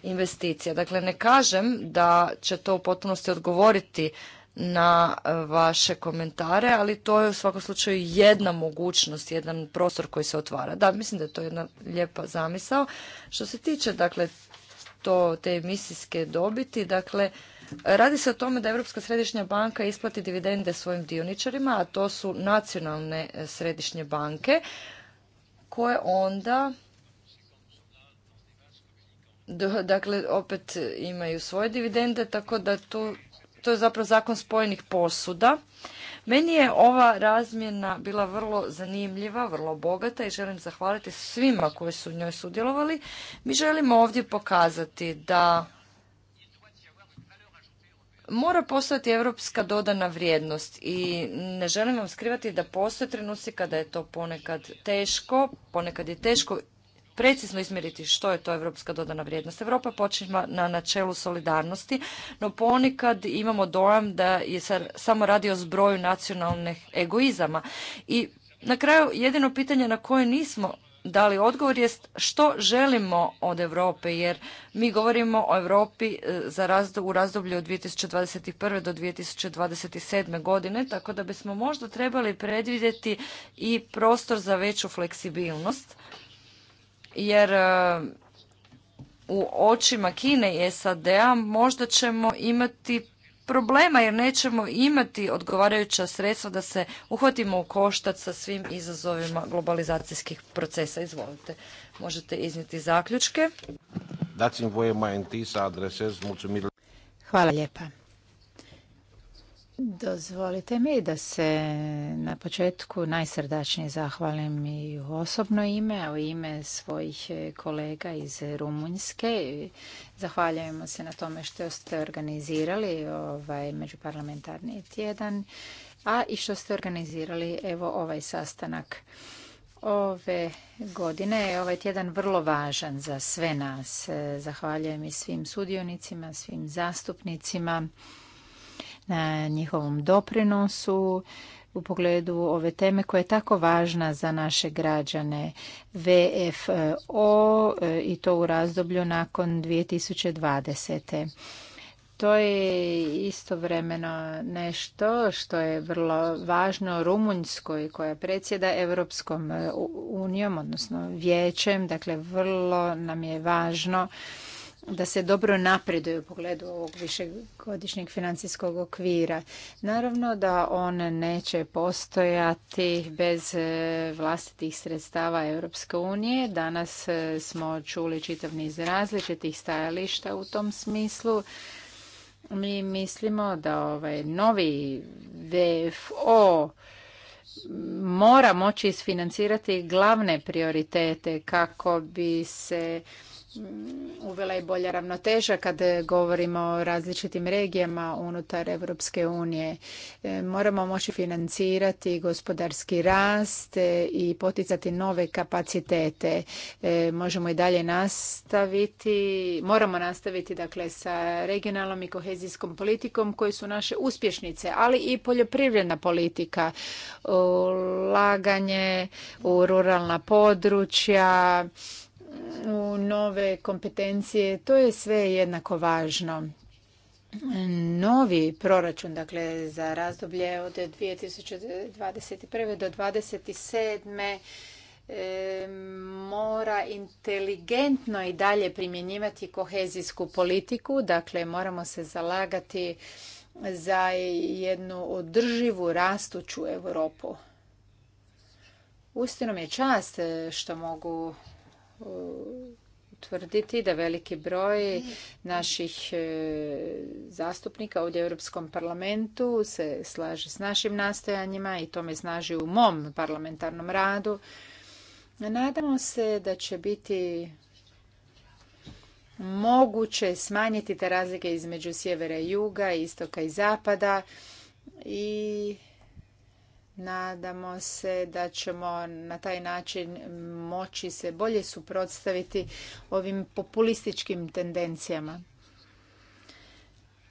investicija. Dakle, ne kažem da će to u potpunosti odgovoriti na e, vaše komentare, ali to je u svakom slučaju jedna mogućnost, jedan prostor koji se otvara. Da, mislim da je to jedna lijepa zamisao. Što se tiče, dakle, to, te emisijske dobiti, dakle, Radi se o tome da Europska središnja banka isplati dividende svojim dioničarima, a to su nacionalne e, središnje banke koje onda dakle opet imaju svoje dividende, tako da tu, to je zapravo zakon spojenih posuda. Meni je ova razmjena bila vrlo zanimljiva, vrlo bogata i želim zahvaliti svima koji su u njoj sudjelovali. Mi želimo ovdje pokazati da mora postojati europska dodana vrijednost i ne želim vam skrivati da postoje trenuci kada je to ponekad teško, ponekad je teško precizno izmjeriti što je to europska dodana vrijednost. Europa počinje na načelu solidarnosti, no ponikad imamo dojam da je samo radi o zbroju nacionalnih egoizama. I na kraju jedino pitanje na koje nismo dali odgovor jest što želimo od Europe jer mi govorimo o Europi e, za razdo, u razdoblju od 2021. do 2027. godine tako da bismo možda trebali predvidjeti i prostor za veću fleksibilnost jer e, u očima Kine i SAD-a možda ćemo imati problema jer nećemo imati odgovarajuća sredstva da se uhvatimo u koštac sa svim izazovima globalizacijskih procesa. Izvolite, možete iznijeti zaključke. Hvala lijepa. Dozvolite mi da se na početku najsrdačnije zahvalim i u osobno ime, a u ime svojih kolega iz Rumunjske. Zahvaljujemo se na tome što ste organizirali ovaj međuparlamentarni tjedan, a i što ste organizirali evo ovaj sastanak ove godine je ovaj tjedan vrlo važan za sve nas. Zahvaljujem i svim sudionicima, svim zastupnicima na njihovom doprinosu u pogledu ove teme koja je tako važna za naše građane VFO e, i to u razdoblju nakon 2020. To je istovremeno nešto što je vrlo važno Rumunjskoj koja predsjeda Europskom e, unijom, odnosno vijećem. Dakle, vrlo nam je važno da se dobro napreduje u pogledu ovog višegodišnjeg financijskog okvira. Naravno da on neće postojati bez e, vlastitih sredstava Europske unije. Danas e, smo čuli čitav niz različitih stajališta u tom smislu. Mi mislimo da ovaj novi VFO mora moći isfinancirati glavne prioritete kako bi se Mm, uvela je bolja ravnoteža kad govorimo o različitim regijama unutar Europske unije. E, moramo moći financirati gospodarski rast e, i poticati nove kapacitete. E, možemo i dalje nastaviti, moramo nastaviti dakle sa regionalnom i kohezijskom politikom koji su naše uspješnice, ali i poljoprivredna politika, ulaganje u ruralna područja, u nove kompetencije, to je sve jednako važno. Novi proračun, dakle za razdoblje od 2021. do 2027. E, mora inteligentno i dalje primjenjivati kohezijsku politiku, dakle moramo se zalagati za jednu održivu rastuću Europu. Ustinom je čast što mogu tvrditi da veliki broj naših e, zastupnika ovdje u Europskom parlamentu se slaže s našim nastojanjima i to me snaži u mom parlamentarnom radu. Nadamo se da će biti moguće smanjiti te razlike između sjevera i juga, istoka i zapada i Nadamo se da ćemo na taj način moći se bolje suprotstaviti ovim populističkim tendencijama.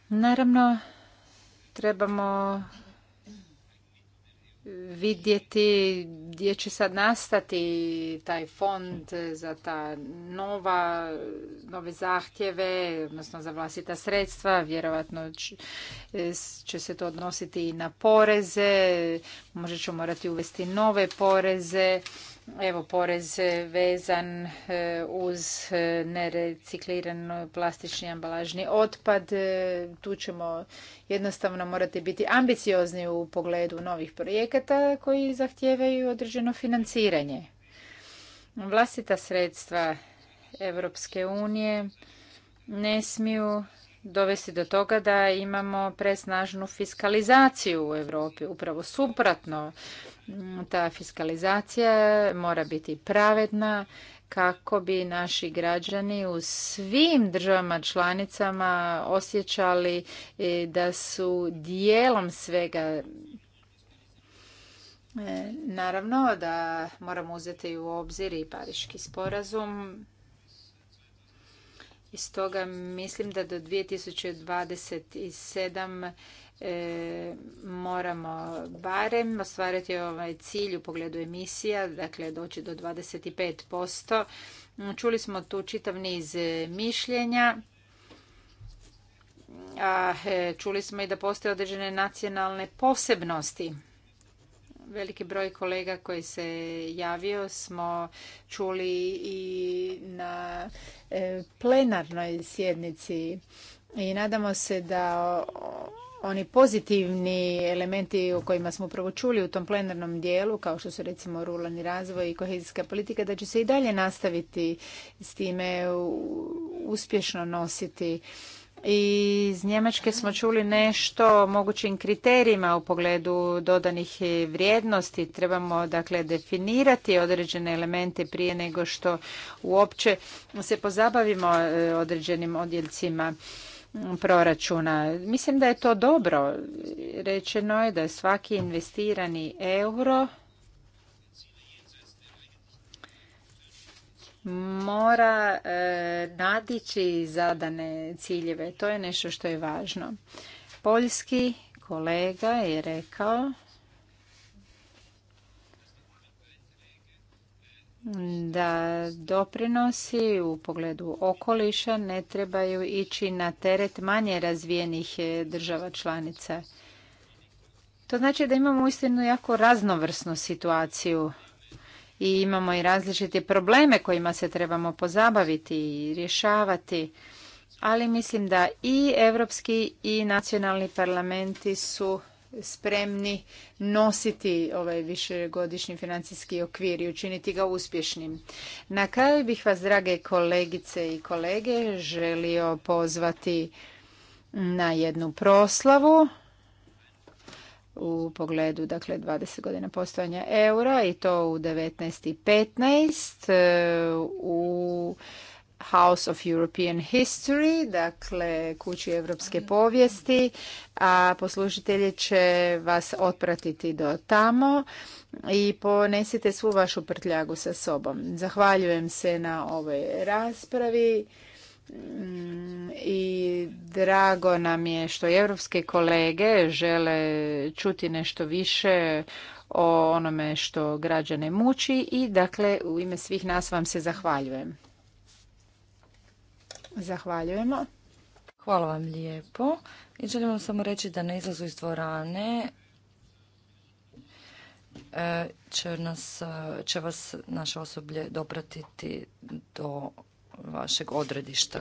Naravno, trebamo vidjeti gdje će sad nastati taj fond za ta nova, nove zahtjeve, odnosno za vlastita sredstva. Vjerojatno e, će se to odnositi i na poreze, možda ćemo morati uvesti nove poreze evo porez vezan e, uz e, nereciklirano plastični ambalažni otpad. E, tu ćemo jednostavno morati biti ambiciozni u pogledu novih projekata koji zahtijevaju određeno financiranje. Vlastita sredstva Europske unije ne smiju dovesti do toga da imamo presnažnu fiskalizaciju u Europi. Upravo suprotno, ta fiskalizacija mora biti pravedna kako bi naši građani u svim državama članicama osjećali e, da su dijelom svega e, Naravno da moramo uzeti u obzir i Pariški sporazum i stoga mislim da do 2027 e, moramo barem ostvariti ovaj cilj u pogledu emisija, dakle doći do 25%. Čuli smo tu čitav niz e, mišljenja. A, e, čuli smo i da postoje određene nacionalne posebnosti veliki broj kolega koji se javio smo čuli i na e, plenarnoj sjednici i nadamo se da oni pozitivni elementi o kojima smo upravo čuli u tom plenarnom dijelu, kao što su recimo ruralni razvoj i kohezijska politika, da će se i dalje nastaviti s time uspješno nositi iz Njemačke smo čuli nešto o mogućim kriterijima u pogledu dodanih vrijednosti. Trebamo dakle definirati određene elemente prije nego što uopće se pozabavimo e, određenim odjeljcima proračuna. Mislim da je to dobro. Rečeno je da je svaki investirani euro mora e, nadići zadane ciljeve. To je nešto što je važno. Poljski kolega je rekao da doprinosi u pogledu okoliša ne trebaju ići na teret manje razvijenih e, država članica. To znači da imamo uistinu jako raznovrsnu situaciju i imamo i različite probleme kojima se trebamo pozabaviti i rješavati. Ali mislim da i europski i nacionalni parlamenti su spremni nositi ovaj višegodišnji financijski okvir i učiniti ga uspješnim. Na kraju bih vas, drage kolegice i kolege, želio pozvati na jednu proslavu u pogledu dakle 20 godina postojanja eura i to u 19.15 e, u House of European History, dakle kući evropske povijesti, a poslužitelji će vas otpratiti do tamo i ponesite svu vašu prtljagu sa sobom. Zahvaljujem se na ovoj raspravi. Mm, i drago nam je što i evropske kolege žele čuti nešto više o onome što građane muči i dakle u ime svih nas vam se zahvaljujem. Zahvaljujemo. Hvala vam lijepo. I želim vam samo reći da na izlazu iz dvorane e, će, nas, e, će vas naše osoblje dopratiti do vašeg odredišta.